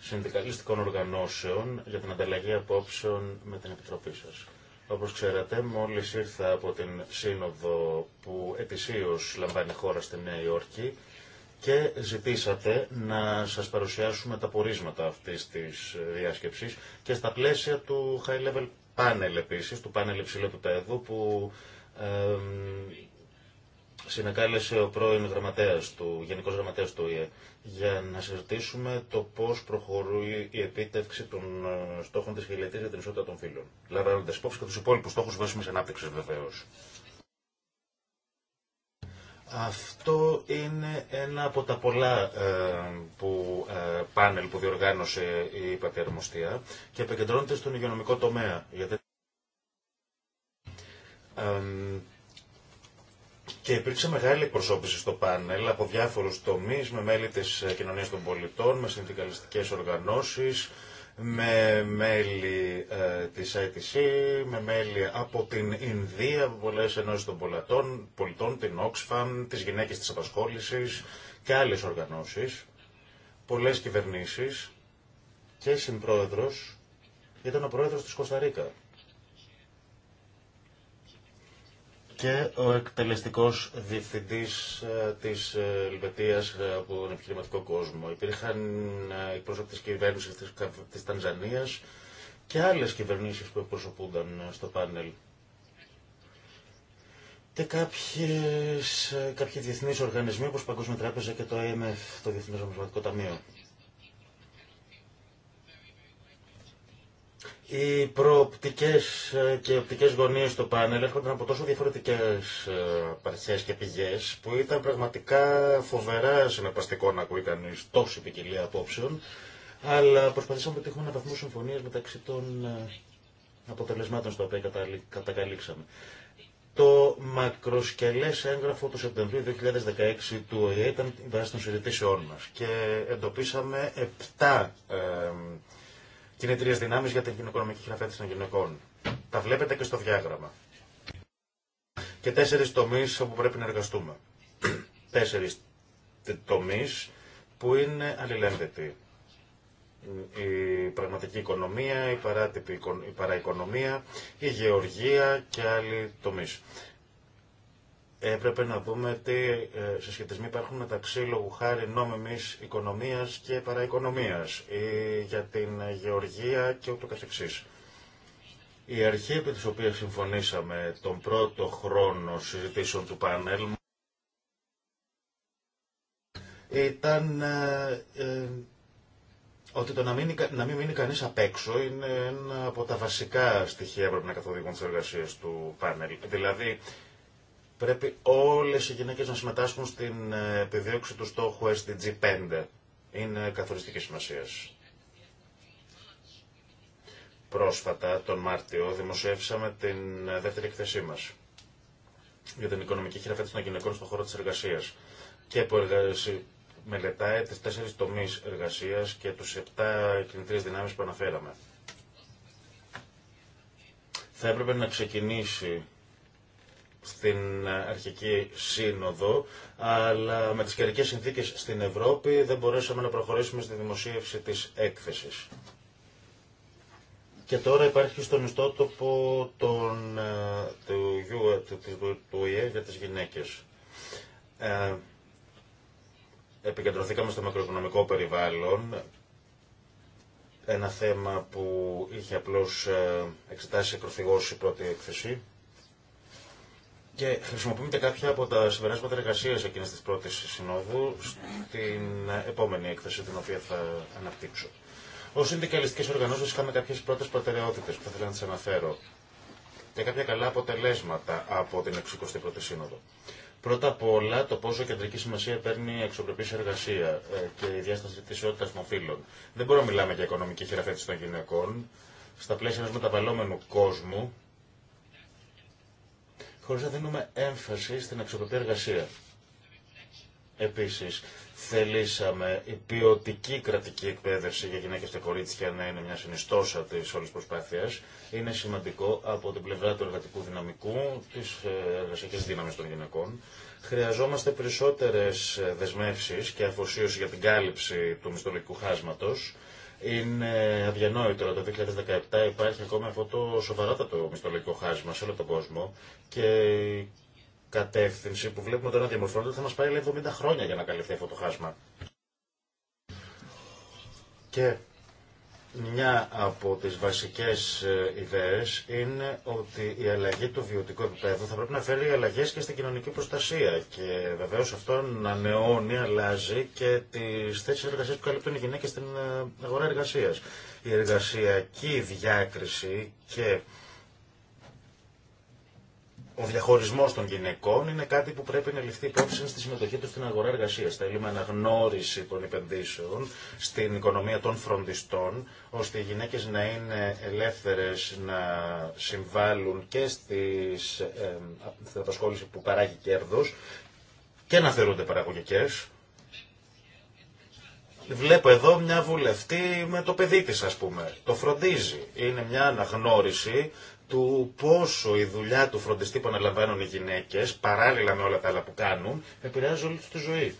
Συνδικαλιστικών Οργανώσεων για την ανταλλαγή απόψεων με την Επιτροπή σας. Όπως ξέρατε, μόλις ήρθα από την σύνοδο που ετησίως λαμβάνει η χώρα στη Νέα Υόρκη και ζητήσατε να σας παρουσιάσουμε τα πορίσματα αυτής της διάσκεψης και στα πλαίσια του High Level Panel επίσης, του πάνελ υψηλού επίπεδου που συνεκάλεσε ο πρώην γραμματέας του, γενικός γραμματέας του ΙΕ για να συζητήσουμε το πώς προχωρούει η επίτευξη των ε, στόχων της χιλιετίας για την ισότητα των φύλων. Λαμβάνοντας υπόψη και τους υπόλοιπους στόχους βάσιμης ανάπτυξης βεβαίως. Αυτό είναι ένα από τα πολλά ε, που, ε, πάνελ που διοργάνωσε η Πατιαρμοστία και επικεντρώνεται στον υγειονομικό τομέα. Γιατί, ε, και υπήρξε μεγάλη εκπροσώπηση στο πάνελ από διάφορου τομεί, με μέλη τη κοινωνία των πολιτών, με συνδικαλιστικέ οργανώσει, με μέλη ε, της ITC, με μέλη από την Ινδία, από πολλές ενώσεις των πολιτών, την Oxfam, τις γυναίκες της απασχόλησης και άλλες οργανώσεις, πολλές κυβερνήσεις και συμπρόεδρος ήταν ο πρόεδρος της Κωνσταντίνα. και ο εκτελεστικός διευθυντής ε, της ε, Λιβετίας ε, από τον επιχειρηματικό κόσμο. Υπήρχαν εκπρόσωποι της κυβέρνησης της Τανζανίας και άλλες κυβερνήσεις που εκπροσωπούνταν στο πάνελ. Και κάποιες, κάποιοι διεθνείς οργανισμοί όπως η Παγκόσμια Τράπεζα και το IMF, το Διεθνές Νομισματικό Ταμείο. Οι προοπτικές ε, και οι οπτικές γωνίες στο πάνελ έρχονταν από τόσο διαφορετικές ε, παρουσίες και πηγές που ήταν πραγματικά φοβερά συνεπαστικό να ακούει κανεί τόση ποικιλία απόψεων αλλά προσπαθήσαμε να πετύχουμε ένα βαθμό συμφωνίας μεταξύ των ε, αποτελεσμάτων στο οποία κατακαλύψαμε. Το μακροσκελές έγγραφο του Σεπτεμβρίου 2016 του ΟΗΕ ήταν βάση των συζητήσεών μας και εντοπίσαμε 7 κινητήριε δυνάμει για την οικονομική χειραφέτηση των γυναικών. Τα βλέπετε και στο διάγραμμα. Και τέσσερι τομεί όπου πρέπει να εργαστούμε. (clears throat) Τέσσερι τομεί που είναι αλληλένδετοι. Η πραγματική οικονομία, η παράτυπη η παραοικονομία, η γεωργία και άλλοι τομεί έπρεπε να δούμε τι ε, συσχετισμοί υπάρχουν μεταξύ λόγου χάρη νόμιμης οικονομίας και παραοικονομίας ή για την γεωργία και ούτω καθεξής. Η αρχή επί της οποίας συμφωνήσαμε τον πρώτο χρόνο συζητήσεων του πάνελ ήταν ε, ε, ότι το να, μην μείνει κανείς απ' έξω είναι ένα από τα βασικά στοιχεία που πρέπει να καθοδηγούν τις εργασίες του πάνελ. Δηλαδή, Πρέπει όλες οι γυναίκες να συμμετάσχουν στην ε, επιδίωξη του στόχου SDG 5. Είναι καθοριστική σημασία. Πρόσφατα, τον Μάρτιο, δημοσιεύσαμε την ε, δεύτερη εκθεσή μας για την οικονομική χειραφέτηση των γυναικών στον χώρο της εργασίας και που μελετάει τις τέσσερις τομείς εργασίας και τους επτά κινητήρες δυνάμεις που αναφέραμε. Θα έπρεπε να ξεκινήσει στην αρχική σύνοδο, αλλά με τις καιρικέ συνθήκες στην Ευρώπη δεν μπορέσαμε να προχωρήσουμε στη δημοσίευση της έκθεσης. Και τώρα υπάρχει στον ιστότοπο των, ε, ε, του, του, του ΙΕ για τις γυναίκες. Ε, επικεντρωθήκαμε στο μακροοικονομικό περιβάλλον, ένα θέμα που είχε απλώς ε, εξετάσει εκροθυγώς η πρώτη έκθεση, και χρησιμοποιούμε και κάποια από τα συμπεράσματα εργασία εκείνη τη πρώτη συνόδου στην επόμενη έκθεση, την οποία θα αναπτύξω. Ω συνδικαλιστικέ οργανώσει, είχαμε κάποιε πρώτε προτεραιότητε που θα ήθελα να τι αναφέρω και κάποια καλά αποτελέσματα από την 61η Σύνοδο. Πρώτα απ' όλα, το πόσο κεντρική σημασία παίρνει η εξωπρεπή εργασία ε, και η διάσταση τη ισότητα των φύλων. Δεν μπορούμε να μιλάμε για οικονομική χειραφέτηση των γυναικών. Στα πλαίσια ενό μεταβαλλόμενου κόσμου, χωρίς να δίνουμε έμφαση στην αξιοπρεπή εργασία. Επίσης, θελήσαμε η ποιοτική κρατική εκπαίδευση για γυναίκες και κορίτσια να είναι μια συνιστόσα της όλης προσπάθειας. Είναι σημαντικό από την πλευρά του εργατικού δυναμικού, της ε, εργασιακής δύναμης των γυναικών. Χρειαζόμαστε περισσότερες ε, δεσμεύσεις και αφοσίωση για την κάλυψη του μισθολογικού χάσματος είναι αδιανόητο το 2017 υπάρχει ακόμα αυτό το σοβαρότατο μισθολογικό χάσμα σε όλο τον κόσμο και η κατεύθυνση που βλέπουμε τώρα διαμορφώνεται θα μας πάρει 70 χρόνια για να καλυφθεί αυτό το χάσμα. Και μια από τις βασικές ε, ιδέες είναι ότι η αλλαγή του βιωτικού επίπεδου θα πρέπει να φέρει αλλαγές και στην κοινωνική προστασία και βεβαίως αυτό να ανανεώνει, αλλάζει και τις θέσεις εργασίας που καλύπτουν οι γυναίκες στην ε, αγορά εργασίας. Η εργασιακή διάκριση και ο διαχωρισμό των γυναικών είναι κάτι που πρέπει να ληφθεί υπόψη στη συμμετοχή του στην αγορά εργασία. Θέλουμε αναγνώριση των επενδύσεων στην οικονομία των φροντιστών, ώστε οι γυναίκε να είναι ελεύθερε να συμβάλλουν και στις, ε, απασχόληση που παράγει κέρδο και να θεωρούνται παραγωγικέ. Βλέπω εδώ μια βουλευτή με το παιδί της ας πούμε. Το φροντίζει. Είναι μια αναγνώριση του πόσο η δουλειά του φροντιστή που αναλαμβάνουν οι γυναίκε, παράλληλα με όλα τα άλλα που κάνουν, επηρεάζει όλη του τη ζωή.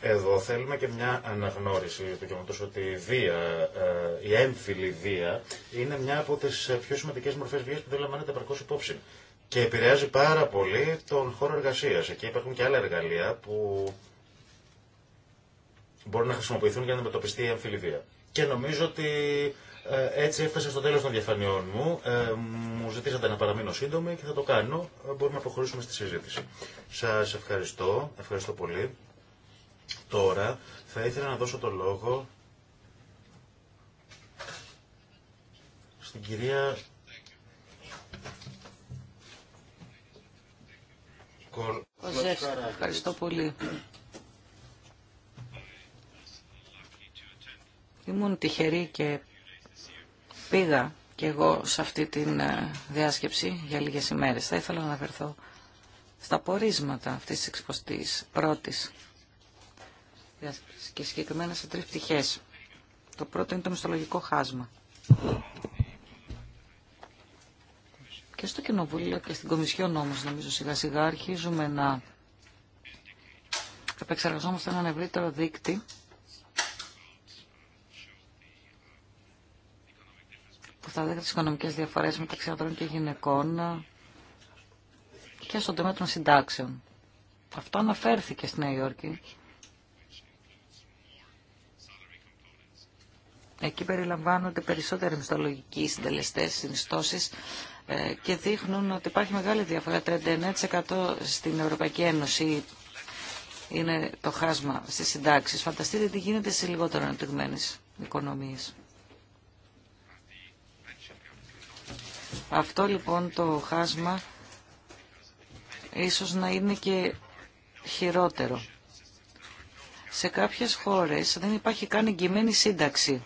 Εδώ θέλουμε και μια αναγνώριση του γεγονότο ότι η βία, ε, η έμφυλη βία, είναι μια από τι πιο σημαντικέ μορφέ βία που δεν λαμβάνεται επαρκώ υπόψη. Και επηρεάζει πάρα πολύ τον χώρο εργασία. Εκεί υπάρχουν και άλλα εργαλεία που μπορούν να χρησιμοποιηθούν για να αντιμετωπιστεί η έμφυλη βία. Και νομίζω ότι ε, έτσι έφτασα στο τέλος των διαφανειών μου. Ε, μου ζητήσατε να παραμείνω σύντομη και θα το κάνω. Ε, μπορούμε να προχωρήσουμε στη συζήτηση. Σας ευχαριστώ. Ευχαριστώ πολύ. Τώρα θα ήθελα να δώσω το λόγο στην κυρία Ευχαριστώ πολύ. Ήμουν τυχερή και Πήγα και εγώ σε αυτή τη ε, διάσκεψη για λίγες ημέρες. Θα ήθελα να βερθώ στα πορίσματα αυτής της εξποστής πρώτης και συγκεκριμένα σε τρεις πτυχές. Το πρώτο είναι το μισθολογικό χάσμα. Και στο Κοινοβούλιο και στην Κομισιόν όμως νομίζω σιγά σιγά αρχίζουμε να επεξεργαζόμαστε έναν ευρύτερο δίκτυο αυτά τις οικονομικές διαφορές μεταξύ ανδρών και γυναικών και στον τομέα των συντάξεων. Αυτό αναφέρθηκε στη Νέα Υόρκη. Εκεί περιλαμβάνονται περισσότεροι μισθολογικοί συντελεστές, συνιστώσεις ε, και δείχνουν ότι υπάρχει μεγάλη διαφορά. 39% στην Ευρωπαϊκή Ένωση είναι το χάσμα στις συντάξεις. Φανταστείτε τι γίνεται σε λιγότερο αναπτυγμένες οικονομίες. Αυτό λοιπόν το χάσμα ίσως να είναι και χειρότερο. Σε κάποιες χώρες δεν υπάρχει καν εγγυημένη σύνταξη.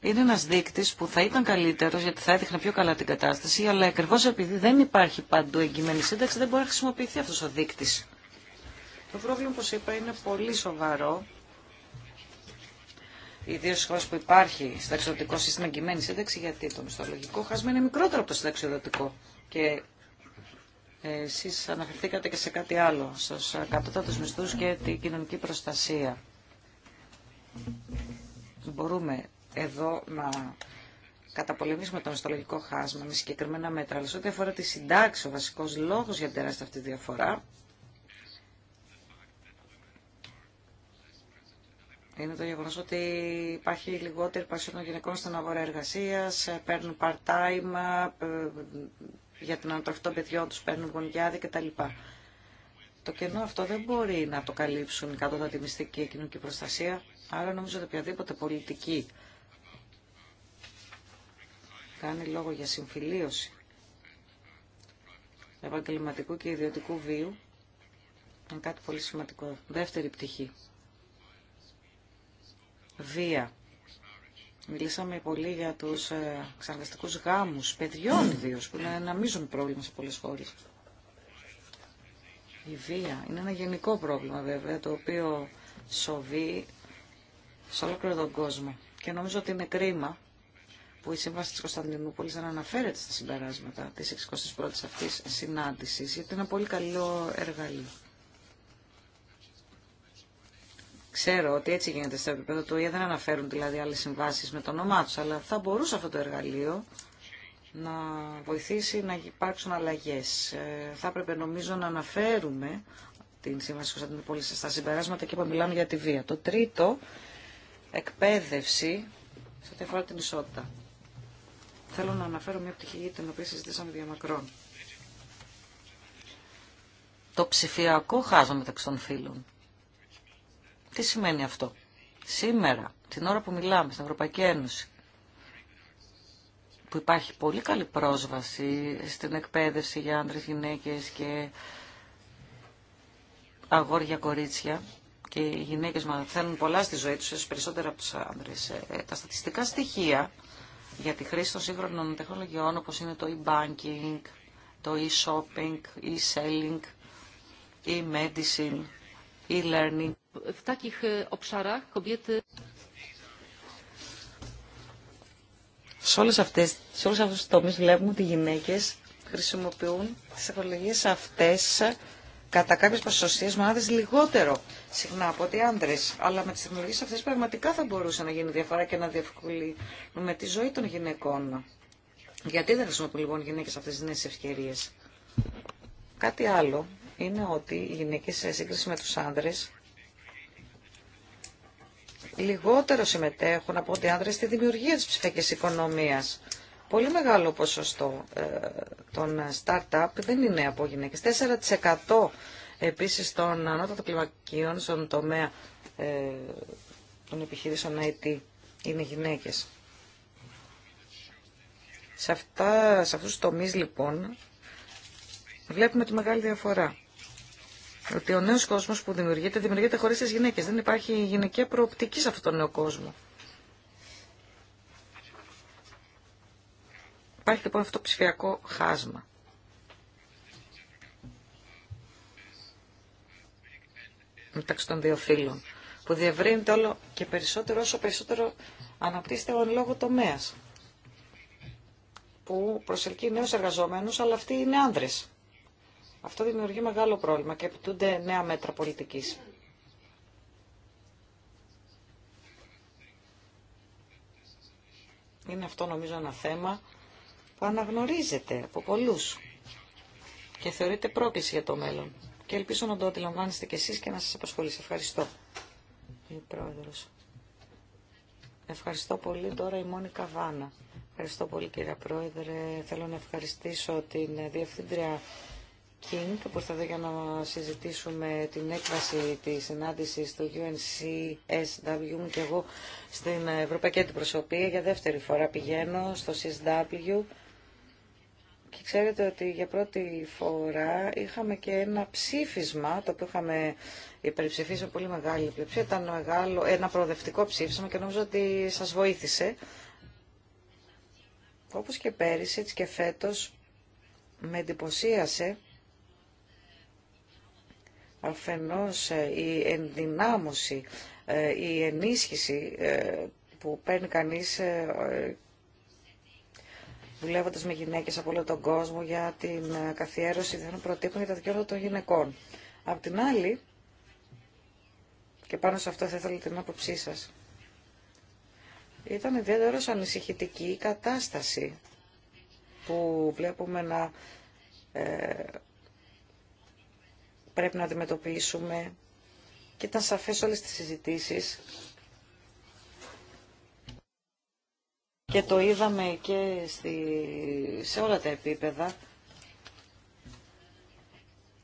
Είναι ένας δείκτης που θα ήταν καλύτερος γιατί θα έδειχνε πιο καλά την κατάσταση, αλλά ακριβώς επειδή δεν υπάρχει παντού εγγυημένη σύνταξη δεν μπορεί να χρησιμοποιηθεί αυτός ο δείκτης. Το πρόβλημα, όπως είπα, είναι πολύ σοβαρό ιδίω χώρο χώρε που υπάρχει συνταξιοδοτικό σύστημα εγκυμένη σύνταξη, γιατί το μισθολογικό χάσμα είναι μικρότερο από το συνταξιοδοτικό. Και ε, εσεί αναφερθήκατε και σε κάτι άλλο, στου κατώτατου μισθού και την κοινωνική προστασία. Μπορούμε εδώ να καταπολεμήσουμε το μισθολογικό χάσμα με συγκεκριμένα μέτρα. Αλλά σε ό,τι αφορά τη συντάξη, ο βασικό λόγο για την τεράστια αυτή τη διαφορά είναι το γεγονό ότι υπάρχει λιγότερη παρουσία των γυναικών στην αγορά εργασία, παίρνουν part-time ε, για την ανατροφή των παιδιών του, παίρνουν γονιάδι κτλ. Το κενό αυτό δεν μπορεί να το καλύψουν η τη μυστική κοινωνική προστασία, άρα νομίζω ότι οποιαδήποτε πολιτική κάνει λόγο για συμφιλίωση επαγγελματικού και ιδιωτικού βίου είναι κάτι πολύ σημαντικό. Δεύτερη πτυχή βία. Μιλήσαμε πολύ για τους ε, ξαναδεστικού γάμους, παιδιών ιδίω, που είναι ένα μείζον πρόβλημα σε πολλές χώρες. Η βία είναι ένα γενικό πρόβλημα βέβαια, το οποίο σοβεί σε ολόκληρο τον κόσμο. Και νομίζω ότι είναι κρίμα που η Σύμβαση της Κωνσταντινούπολης δεν αναφέρεται στα συμπεράσματα της 61ης αυτής συνάντησης, γιατί είναι ένα πολύ καλό εργαλείο. Ξέρω ότι έτσι γίνεται στο επίπεδο του ΟΗΕ, δεν αναφέρουν δηλαδή άλλες συμβάσεις με το όνομά τους, αλλά θα μπορούσε αυτό το εργαλείο να βοηθήσει να υπάρξουν αλλαγές. Ε, θα έπρεπε νομίζω να αναφέρουμε την Σύμβαση Κωνσταντινούπολη στα συμπεράσματα και που μιλάμε για τη βία. Το τρίτο, εκπαίδευση σε ό,τι αφορά την ισότητα. Θέλω να αναφέρω μια πτυχή την οποία συζητήσαμε διαμακρών. Το ψηφιακό χάσμα μεταξύ των φίλων τι σημαίνει αυτό. Σήμερα, την ώρα που μιλάμε στην Ευρωπαϊκή Ένωση, που υπάρχει πολύ καλή πρόσβαση στην εκπαίδευση για άντρες, γυναίκες και αγόρια, κορίτσια και οι γυναίκες μαθαίνουν πολλά στη ζωή τους, περισσότερα από τους άντρες. Ε, τα στατιστικά στοιχεία για τη χρήση των σύγχρονων τεχνολογιών όπως είναι το e-banking, το e-shopping, e-selling, e-medicine e-learning. W takich e, obszarach kobiety... Σε όλες αυτές, σε τομείς βλέπουμε ότι οι γυναίκες χρησιμοποιούν τις τεχνολογίες αυτές κατά κάποιες ποσοστίες μονάδε λιγότερο συχνά από ότι άντρες. Αλλά με τις τεχνολογίες αυτές πραγματικά θα μπορούσε να γίνει διαφορά και να διευκολύνουμε τη ζωή των γυναικών. Γιατί δεν χρησιμοποιούν λοιπόν οι γυναίκες αυτές τις νέες ευκαιρίες. Κάτι άλλο είναι ότι οι γυναίκες σε σύγκριση με τους άνδρες λιγότερο συμμετέχουν από ότι άνδρες στη δημιουργία της ψηφιακής οικονομίας. Πολύ μεγάλο ποσοστό ε, των start-up δεν είναι από γυναίκες. 4% επίσης των ανώτατων κλιμακίων στον τομέα ε, των επιχειρήσεων IT είναι γυναίκες. Σε, αυτά, σε αυτούς τους τομείς λοιπόν βλέπουμε τη μεγάλη διαφορά ότι ο νέος κόσμος που δημιουργείται, δημιουργείται χωρίς τις γυναίκες. Δεν υπάρχει γυναικεία προοπτική σε αυτόν τον νέο κόσμο. Υπάρχει λοιπόν αυτό το ψηφιακό χάσμα. μεταξύ των δύο φύλων, που διευρύνεται όλο και περισσότερο όσο περισσότερο αναπτύσσεται ο εν λόγω τομέας, που προσελκύει νέους εργαζόμενους, αλλά αυτοί είναι άνδρες. Αυτό δημιουργεί μεγάλο πρόβλημα και επιτούνται νέα μέτρα πολιτικής. Είναι αυτό νομίζω ένα θέμα που αναγνωρίζεται από πολλούς και θεωρείται πρόκληση για το μέλλον. Και ελπίζω να το αντιλαμβάνεστε κι εσείς και να σας απασχολήσει. Ευχαριστώ. πρόεδρος. Ευχαριστώ πολύ τώρα η Μόνικα Βάνα. Ευχαριστώ πολύ κύριε Πρόεδρε. Θέλω να ευχαριστήσω την Διευθύντρια King θα εδώ για να συζητήσουμε την έκβαση της συνάντησης του UNCSW και εγώ στην Ευρωπαϊκή Αντιπροσωπεία. Για δεύτερη φορά πηγαίνω στο CSW και ξέρετε ότι για πρώτη φορά είχαμε και ένα ψήφισμα το οποίο είχαμε υπερψηφίσει με πολύ μεγάλη πλειοψηφία. Ήταν μεγάλο, ένα προοδευτικό ψήφισμα και νομίζω ότι σας βοήθησε. Όπως και πέρυσι, έτσι και φέτος, με εντυπωσίασε Αφενός ε, η ενδυνάμωση, ε, η ενίσχυση ε, που παίρνει κανείς δουλεύοντα με γυναίκες από όλο τον κόσμο για την καθιέρωση διεθνών προτύπων για τα δικαιώματα των γυναικών. Απ' την άλλη, και πάνω σε αυτό θα ήθελα την άποψή σας, ήταν ιδιαίτερο ανησυχητική η κατάσταση που βλέπουμε να πρέπει να αντιμετωπίσουμε και ήταν σαφές όλες τις συζητήσεις και το είδαμε και στη, σε όλα τα επίπεδα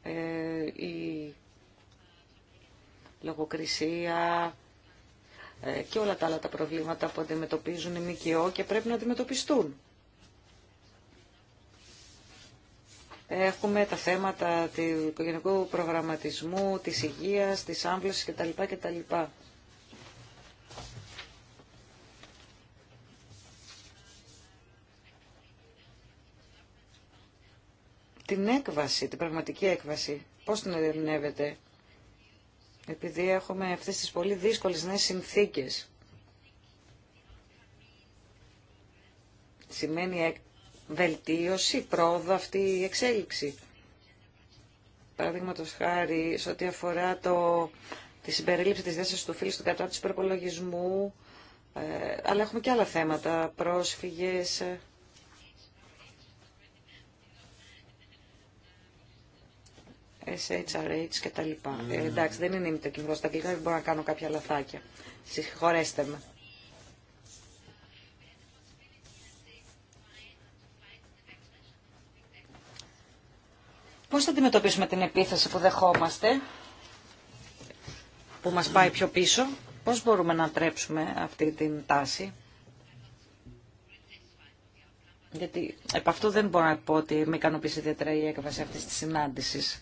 ε, η λογοκρισία ε, και όλα τα άλλα τα προβλήματα που αντιμετωπίζουν οι ΜΚΟ και πρέπει να αντιμετωπιστούν. Έχουμε τα θέματα του οικογενειακού προγραμματισμού, της υγείας, της άμβλωσης κτλ. κτλ. Την έκβαση, την πραγματική έκβαση, πώς την ερμηνεύετε, επειδή έχουμε αυτές τις πολύ δύσκολες νέες συνθήκες. Σημαίνει βελτίωση, πρόοδο αυτή η εξέλιξη. Παραδείγματο χάρη, σε ό,τι αφορά το, τη συμπερίληψη της δέσμευσης του φίλου στην κατάρτιση του προπολογισμού, ε, αλλά έχουμε και άλλα θέματα, πρόσφυγες, SHRH κτλ. Mm. Ε, ε ναι. εντάξει, δεν είναι ημιτοκυβρό στα αγγλικά, δεν μπορώ να κάνω κάποια λαθάκια. Συγχωρέστε με. Πώς θα αντιμετωπίσουμε την επίθεση που δεχόμαστε, που μας πάει πιο πίσω, πώς μπορούμε να τρέψουμε αυτή την τάση. Γιατί επ' αυτού δεν μπορώ να πω ότι με ικανοποιήσει ιδιαίτερα η έκβαση αυτή της συνάντησης.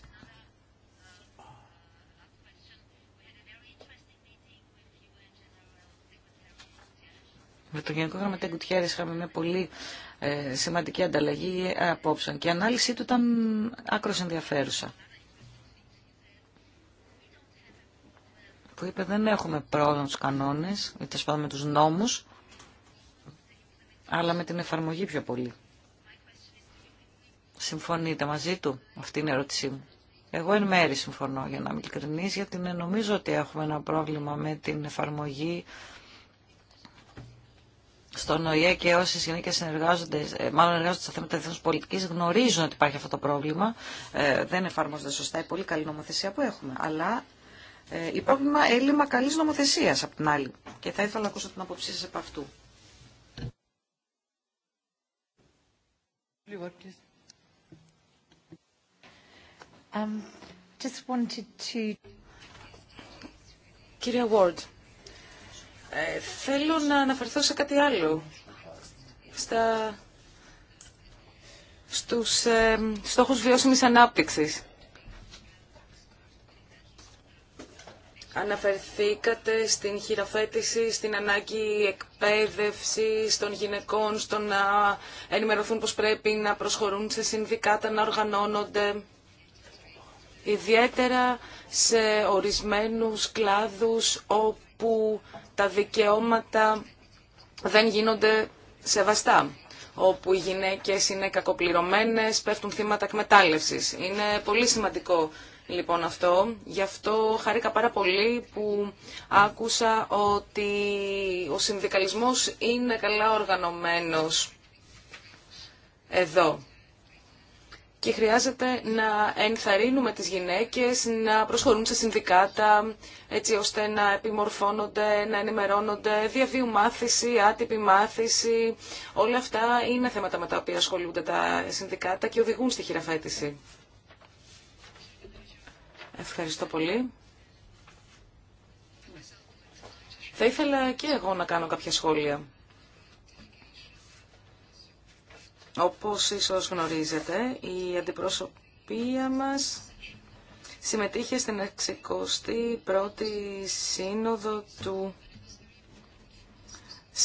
Με τον Γενικό Γραμματέα είχαμε μια πολύ ε, σημαντική ανταλλαγή απόψεων και η ανάλυση του ήταν άκρος ενδιαφέρουσα. Που είπε δεν έχουμε πρόβλημα τους κανόνες, είτε με τους νόμους, αλλά με την εφαρμογή πιο πολύ. Συμφωνείτε μαζί του, αυτή είναι η ερώτησή μου. Εγώ εν μέρη συμφωνώ για να μην ειλικρινής, γιατί ναι, νομίζω ότι έχουμε ένα πρόβλημα με την εφαρμογή στον ΟΗΕ και όσοι γυναίκε συνεργάζονται, ε, μάλλον εργάζονται στα θέματα διεθνού πολιτική, γνωρίζουν ότι υπάρχει αυτό το πρόβλημα. Ε, δεν εφαρμόζεται σωστά η πολύ καλή νομοθεσία που έχουμε. Αλλά υπάρχει πρόβλημα έλλειμμα καλή νομοθεσία απ' την άλλη. Και θα ήθελα να ακούσω την άποψή σα επ' αυτού. Um, just wanted to... Κύριε Ward, ε, θέλω να αναφερθώ σε κάτι άλλο. Στα... Στους ε, στόχους βιώσιμης ανάπτυξης. Αναφερθήκατε στην χειραφέτηση, στην ανάγκη εκπαίδευση των γυναικών, στο να ενημερωθούν πως πρέπει να προσχωρούν σε συνδικάτα, να οργανώνονται. Ιδιαίτερα σε ορισμένους κλάδους όπου τα δικαιώματα δεν γίνονται σεβαστά όπου οι γυναίκες είναι κακοπληρωμένες, πέφτουν θύματα εκμετάλλευσης. Είναι πολύ σημαντικό λοιπόν αυτό. Γι' αυτό χαρήκα πάρα πολύ που άκουσα ότι ο συνδικαλισμός είναι καλά οργανωμένος εδώ και χρειάζεται να ενθαρρύνουμε τις γυναίκες να προσχωρούν σε συνδικάτα έτσι ώστε να επιμορφώνονται, να ενημερώνονται, διαβίου μάθηση, άτυπη μάθηση. Όλα αυτά είναι θέματα με τα οποία ασχολούνται τα συνδικάτα και οδηγούν στη χειραφέτηση. Ευχαριστώ πολύ. Θα ήθελα και εγώ να κάνω κάποια σχόλια. Όπως ίσως γνωρίζετε, η αντιπροσωπεία μας συμμετείχε στην 61η Σύνοδο του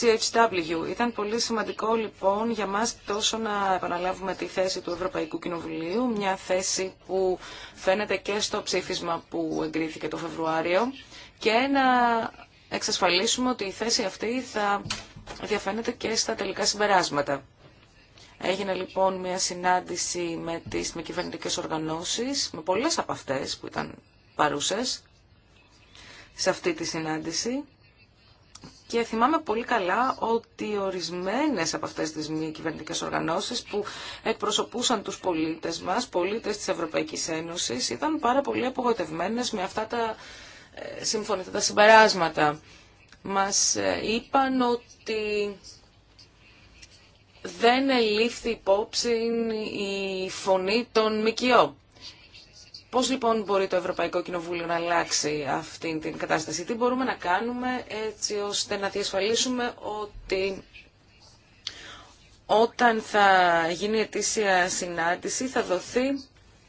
CHW. Ήταν πολύ σημαντικό λοιπόν για μας τόσο να επαναλάβουμε τη θέση του Ευρωπαϊκού Κοινοβουλίου, μια θέση που φαίνεται και στο ψήφισμα που εγκρίθηκε το Φεβρουάριο και να εξασφαλίσουμε ότι η θέση αυτή θα διαφαίνεται και στα τελικά συμπεράσματα. Έγινε λοιπόν μια συνάντηση με τις με κυβερνητικές οργανώσεις, με πολλές από αυτές που ήταν παρούσες σε αυτή τη συνάντηση. Και θυμάμαι πολύ καλά ότι ορισμένες από αυτές τις μη κυβερνητικές οργανώσεις που εκπροσωπούσαν τους πολίτες μας, πολίτες της Ευρωπαϊκής Ένωσης, ήταν πάρα πολύ απογοητευμένες με αυτά τα ε, τα συμπεράσματα. Μας ε, είπαν ότι δεν ελήφθη υπόψη η φωνή των ΜΚΟ. Πώς λοιπόν μπορεί το Ευρωπαϊκό Κοινοβούλιο να αλλάξει αυτή την κατάσταση, τι μπορούμε να κάνουμε έτσι ώστε να διασφαλίσουμε ότι όταν θα γίνει ετήσια συνάντηση θα δοθεί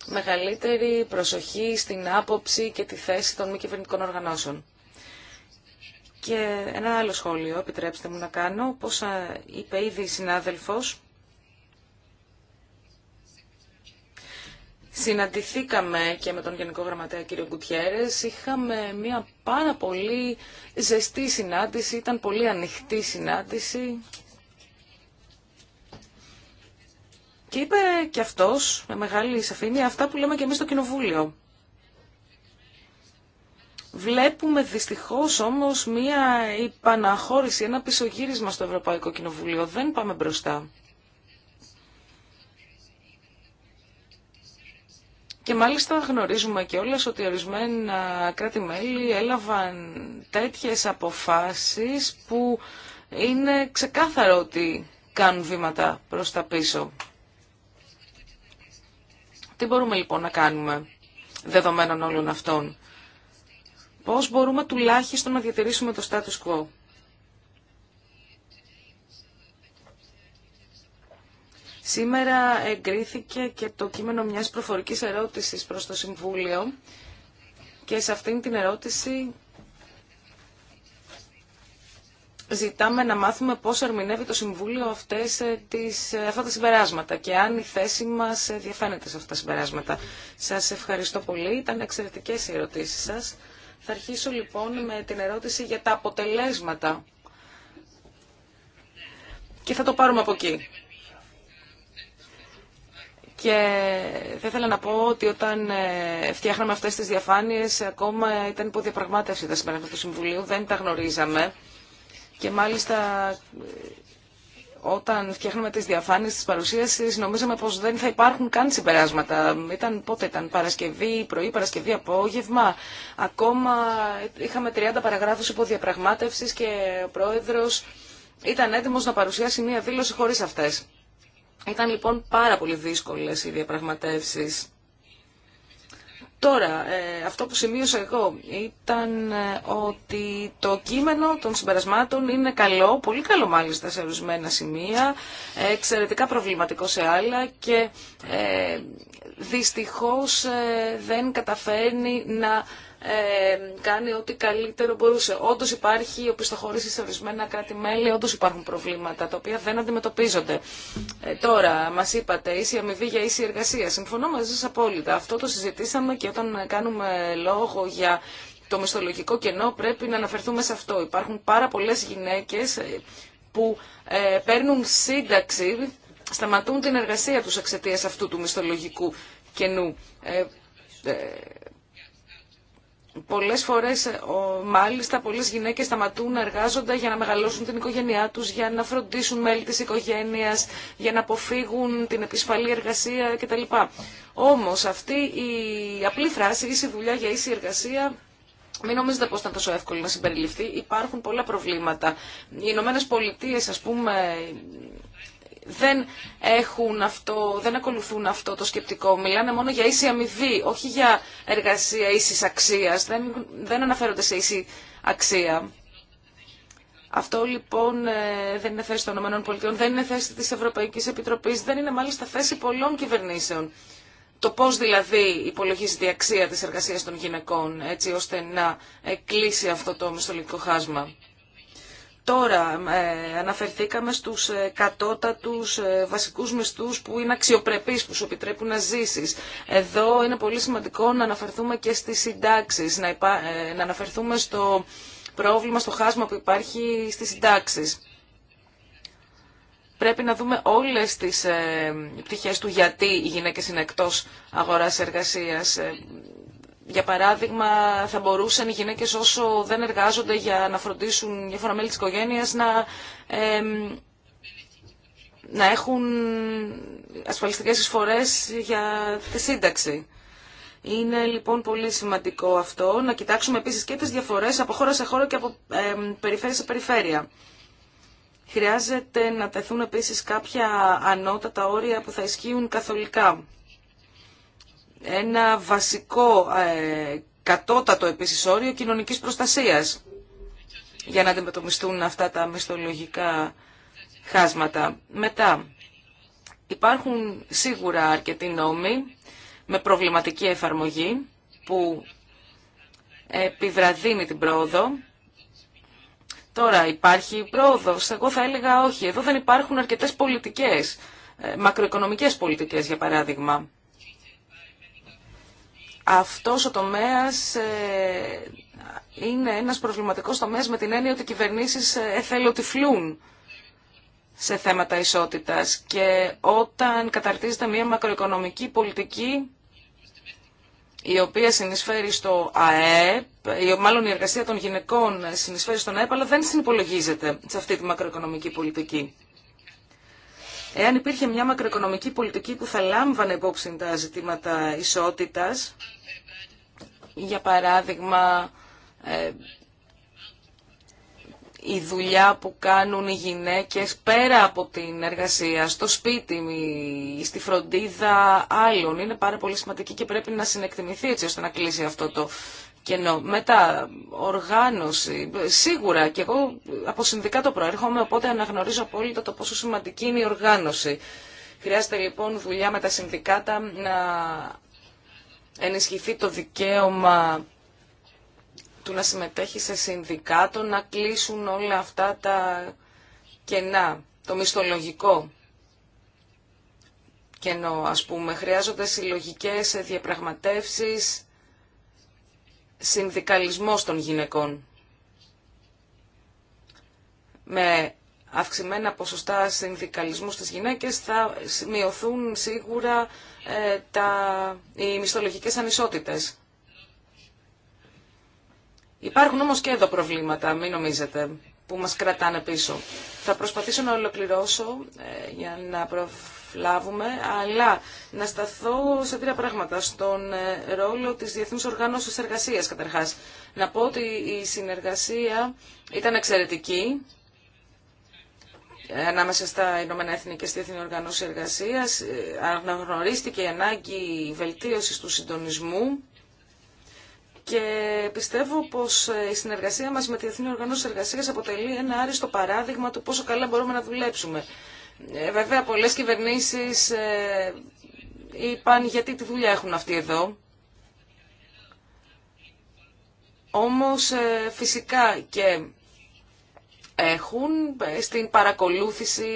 μεγαλύτερη προσοχή στην άποψη και τη θέση των μη κυβερνητικών οργανώσεων. Και ένα άλλο σχόλιο, επιτρέψτε μου να κάνω, πώς είπε ήδη η συνάδελφος, Συναντηθήκαμε και με τον Γενικό Γραμματέα κύριο Γκουτιέρες, είχαμε μια πάρα πολύ ζεστή συνάντηση, ήταν πολύ ανοιχτή συνάντηση. Και είπε και αυτός με μεγάλη σαφήνεια αυτά που λέμε και εμείς στο Κοινοβούλιο. Βλέπουμε δυστυχώς όμως μία υπαναχώρηση, ένα πισωγύρισμα στο Ευρωπαϊκό Κοινοβουλίο. Δεν πάμε μπροστά. Και μάλιστα γνωρίζουμε και όλες ότι ορισμένα κράτη-μέλη έλαβαν τέτοιες αποφάσεις που είναι ξεκάθαρο ότι κάνουν βήματα προς τα πίσω. Τι μπορούμε λοιπόν να κάνουμε δεδομένων όλων αυτών. Πώς μπορούμε τουλάχιστον να διατηρήσουμε το status quo. Σήμερα εγκρίθηκε και το κείμενο μιας προφορικής ερώτησης προς το Συμβούλιο και σε αυτήν την ερώτηση ζητάμε να μάθουμε πώς ερμηνεύει το Συμβούλιο αυτές ε, τις, ε, αυτά τα συμπεράσματα και αν η θέση μας ε, διαφαίνεται σε αυτά τα συμπεράσματα. Σας ευχαριστώ πολύ. Ήταν εξαιρετικές οι ερωτήσεις σας. Θα αρχίσω λοιπόν με την ερώτηση για τα αποτελέσματα και θα το πάρουμε από εκεί. Και θα ήθελα να πω ότι όταν ε, φτιάχναμε αυτές τις διαφάνειες ακόμα ήταν υποδιαπραγμάτευση τα σημερινά του Συμβουλίου, δεν τα γνωρίζαμε. Και μάλιστα όταν φτιάχνουμε τις διαφάνειες της παρουσίασης νομίζαμε πως δεν θα υπάρχουν καν συμπεράσματα. Ήταν, πότε ήταν, Παρασκευή, πρωί, Παρασκευή, απόγευμα. Ακόμα είχαμε 30 παραγράφους υποδιαπραγμάτευσης και ο Πρόεδρος ήταν έτοιμος να παρουσιάσει μία δήλωση χωρίς αυτές. Ήταν λοιπόν πάρα πολύ δύσκολες οι διαπραγματεύσεις. Τώρα, ε, αυτό που σημείωσα εγώ ήταν ε, ότι το κείμενο των συμπερασμάτων είναι καλό, πολύ καλό μάλιστα σε ορισμένα σημεία, εξαιρετικά προβληματικό σε άλλα και ε, δυστυχώς δεν καταφέρνει να ε, κάνει ό,τι καλύτερο μπορούσε. Όντω υπάρχει οπισθοχωρήση σε ορισμένα κράτη-μέλη, όντω υπάρχουν προβλήματα τα οποία δεν αντιμετωπίζονται. Ε, τώρα, μα είπατε, ίση αμοιβή για ίση εργασία. Συμφωνώ μαζί σα απόλυτα. Αυτό το συζητήσαμε και όταν κάνουμε λόγο για το μισθολογικό κενό πρέπει να αναφερθούμε σε αυτό. Υπάρχουν πάρα πολλέ γυναίκε ε, που παίρνουν σύνταξη, σταματούν την εργασία τους εξαιτία αυτού του μισθολογικού κενού. Πολλές φορές, ε, μάλιστα, πολλές γυναίκες σταματούν να εργάζονται για να μεγαλώσουν την οικογένειά τους, για να φροντίσουν μέλη της οικογένειας, για να αποφύγουν την επισφαλή εργασία κτλ. Όμως αυτή η απλή φράση, ίση δουλειά για ίση εργασία, μην νομίζετε πως ήταν τόσο εύκολο να συμπεριληφθεί. Υπάρχουν πολλά προβλήματα. Οι Ηνωμένε Πολιτείε, α πούμε, δεν, έχουν αυτό, δεν ακολουθούν αυτό το σκεπτικό. Μιλάνε μόνο για ίση αμοιβή, όχι για εργασία ίση αξία, Δεν, δεν αναφέρονται σε ίση αξία. Αυτό λοιπόν ε, δεν είναι θέση των ΗΠΑ, δεν είναι θέση της Ευρωπαϊκής Επιτροπής, δεν είναι μάλιστα θέση πολλών κυβερνήσεων. Το πώς δηλαδή υπολογίζεται η αξία της εργασίας των γυναικών έτσι ώστε να κλείσει αυτό το μισθολογικό χάσμα. Τώρα ε, αναφερθήκαμε στους ε, κατώτατους ε, βασικούς μισθούς που είναι αξιοπρεπείς, που σου επιτρέπουν να ζήσεις. Εδώ είναι πολύ σημαντικό να αναφερθούμε και στις συντάξεις, να, αναφερθούμε στο πρόβλημα, στο χάσμα που υπάρχει στις συντάξεις. Πρέπει να δούμε όλες τις πτυχές του γιατί οι γυναίκες είναι εκτός αγοράς εργασίας για παράδειγμα, θα μπορούσαν οι γυναίκε όσο δεν εργάζονται για να φροντίσουν διάφορα μέλη τη οικογένεια, να, έχουν ασφαλιστικές εισφορές για τη σύνταξη. Είναι λοιπόν πολύ σημαντικό αυτό να κοιτάξουμε επίσης και τι διαφορέ από χώρα σε χώρα και από περιφέρεια σε περιφέρεια. Χρειάζεται να τεθούν επίσης κάποια ανώτατα όρια που θα ισχύουν καθολικά ένα βασικό ε, κατώτατο επίσης όριο κοινωνικής προστασίας για να αντιμετωπιστούν αυτά τα μισθολογικά χάσματα. Μετά, υπάρχουν σίγουρα αρκετοί νόμοι με προβληματική εφαρμογή που επιβραδύνει την πρόοδο. Τώρα υπάρχει πρόοδος, εγώ θα έλεγα όχι. Εδώ δεν υπάρχουν αρκετές πολιτικές, ε, μακροοικονομικές πολιτικές για παράδειγμα αυτός ο τομέας ε, είναι ένας προβληματικός τομέας με την έννοια ότι οι κυβερνήσεις ε, εθελοτυφλούν σε θέματα ισότητας και όταν καταρτίζεται μια μακροοικονομική πολιτική η οποία συνεισφέρει στο ΑΕΠ, ή μάλλον η εργασία των γυναικών συνεισφέρει στον ΑΕΠ, αλλά δεν συνυπολογίζεται σε αυτή τη μακροοικονομική πολιτική. Εάν υπήρχε μια μακροοικονομική πολιτική που θα λάμβανε υπόψη τα ζητήματα ισότητας, για παράδειγμα ε, η δουλειά που κάνουν οι γυναίκες πέρα από την εργασία, στο σπίτι, στη φροντίδα άλλων. Είναι πάρα πολύ σημαντική και πρέπει να συνεκτιμηθεί έτσι ώστε να κλείσει αυτό το κενό. Μετά, οργάνωση. Σίγουρα και εγώ από συνδικάτο προέρχομαι, οπότε αναγνωρίζω απόλυτα το πόσο σημαντική είναι η οργάνωση. Χρειάζεται λοιπόν δουλειά με τα συνδικάτα να ενισχυθεί το δικαίωμα του να συμμετέχει σε συνδικάτο, να κλείσουν όλα αυτά τα κενά, το μισθολογικό κενό ας πούμε. Χρειάζονται συλλογικές διαπραγματεύσεις, συνδικαλισμός των γυναικών με αυξημένα ποσοστά συνδικαλισμού στις γυναίκες θα μειωθούν σίγουρα ε, τα, οι μισθολογικές ανισότητες. Υπάρχουν όμως και εδώ προβλήματα, μην νομίζετε, που μας κρατάνε πίσω. Θα προσπαθήσω να ολοκληρώσω ε, για να αλλά να σταθώ σε τρία πράγματα. Στον ε, ρόλο της Διεθνούς Οργάνωσης Εργασίας, καταρχάς. Να πω ότι η συνεργασία ήταν εξαιρετική ε, ανάμεσα στα Ηνωμένα Έθνη και στη Διεθνή Οργάνωση Εργασίας. Ε, αναγνωρίστηκε η ανάγκη βελτίωσης του συντονισμού και πιστεύω πως η συνεργασία μας με τη Διεθνή Οργανώση Εργασίας αποτελεί ένα άριστο παράδειγμα του πόσο καλά μπορούμε να δουλέψουμε. Ε, βέβαια, πολλές κυβερνήσεις ε, είπαν γιατί τη δουλειά έχουν αυτοί εδώ. Όμως ε, φυσικά και έχουν στην παρακολούθηση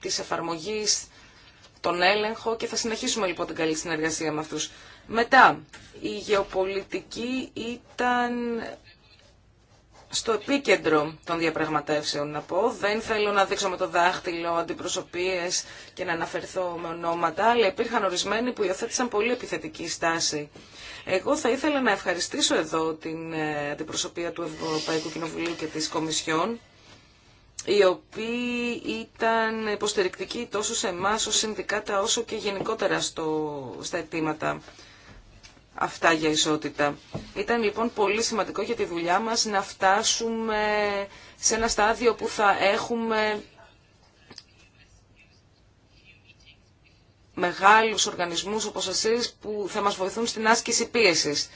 της εφαρμογής τον έλεγχο και θα συνεχίσουμε λοιπόν την καλή συνεργασία με αυτούς. Μετά, η γεωπολιτική ήταν στο επίκεντρο των διαπραγματεύσεων να πω. Δεν θέλω να δείξω με το δάχτυλο αντιπροσωπείες και να αναφερθώ με ονόματα, αλλά υπήρχαν ορισμένοι που υιοθέτησαν πολύ επιθετική στάση. Εγώ θα ήθελα να ευχαριστήσω εδώ την ε, αντιπροσωπεία του Ευρωπαϊκού Κοινοβουλίου και της Κομισιόν, οι οποίοι ήταν υποστηρικτικοί τόσο σε εμά ως συνδικάτα όσο και γενικότερα στο, στα αιτήματα αυτά για ισότητα. Ήταν λοιπόν πολύ σημαντικό για τη δουλειά μας να φτάσουμε σε ένα στάδιο που θα έχουμε μεγάλους οργανισμούς όπως εσείς που θα μας βοηθούν στην άσκηση πίεσης.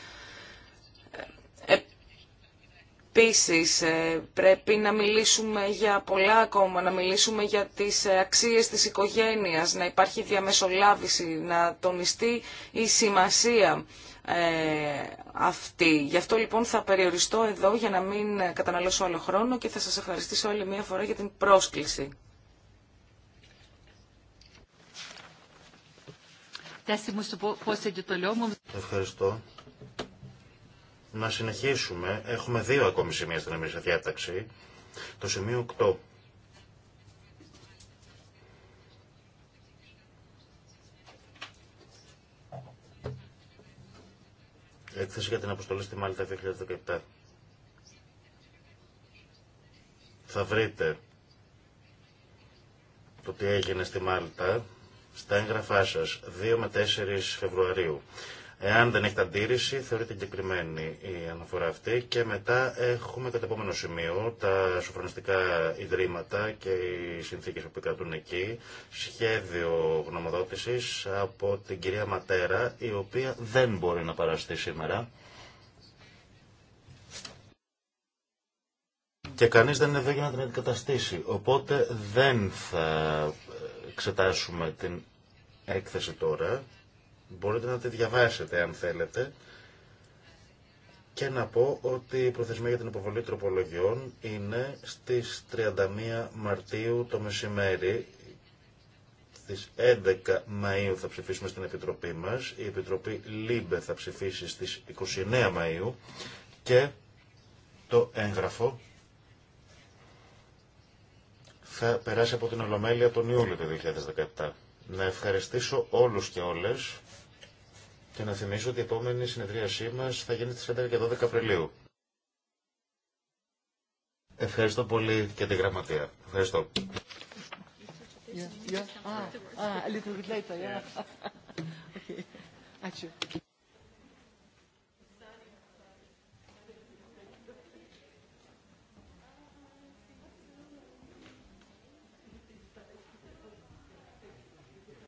Επίσης, ε, πρέπει να μιλήσουμε για πολλά ακόμα, να μιλήσουμε για τις ε, αξίες της οικογένειας, να υπάρχει διαμεσολάβηση, να τονιστεί η σημασία ε, αυτή. Γι' αυτό λοιπόν θα περιοριστώ εδώ για να μην καταναλώσω άλλο χρόνο και θα σας ευχαριστήσω όλη μία φορά για την πρόσκληση. Ευχαριστώ να συνεχίσουμε. Έχουμε δύο ακόμη σημεία στην εμείς διάταξη. Το σημείο 8. Έκθεση για την αποστολή στη Μάλτα 2017. Θα βρείτε το τι έγινε στη Μάλτα στα έγγραφά σας 2 με 4 Φεβρουαρίου. Εάν δεν έχετε αντίρρηση, θεωρείται εγκεκριμένη η αναφορά αυτή. Και μετά έχουμε το επόμενο σημείο τα σοφρονιστικά ιδρύματα και οι συνθήκε που κρατούν εκεί. Σχέδιο γνωμοδότηση από την κυρία Ματέρα, η οποία δεν μπορεί να παραστεί σήμερα. Και κανείς δεν είναι εδώ για να την αντικαταστήσει. Οπότε δεν θα εξετάσουμε την έκθεση τώρα. Μπορείτε να τη διαβάσετε αν θέλετε. Και να πω ότι η προθεσμία για την υποβολή τροπολογιών είναι στις 31 Μαρτίου το μεσημέρι. Στις 11 Μαΐου θα ψηφίσουμε στην Επιτροπή μας. Η Επιτροπή ΛΥΜΠΕ θα ψηφίσει στις 29 Μαΐου. Και το έγγραφο θα περάσει από την Ολομέλεια τον Ιούλιο του 2017. Να ευχαριστήσω όλους και όλες και να θυμίσω ότι η επόμενη συνεδρίασή μας θα γίνει στις 11 και 12 Απριλίου. Ευχαριστώ πολύ και την γραμματεία. Ευχαριστώ. Yeah, yeah. Ah, ah, a little later, yeah. (laughs) okay.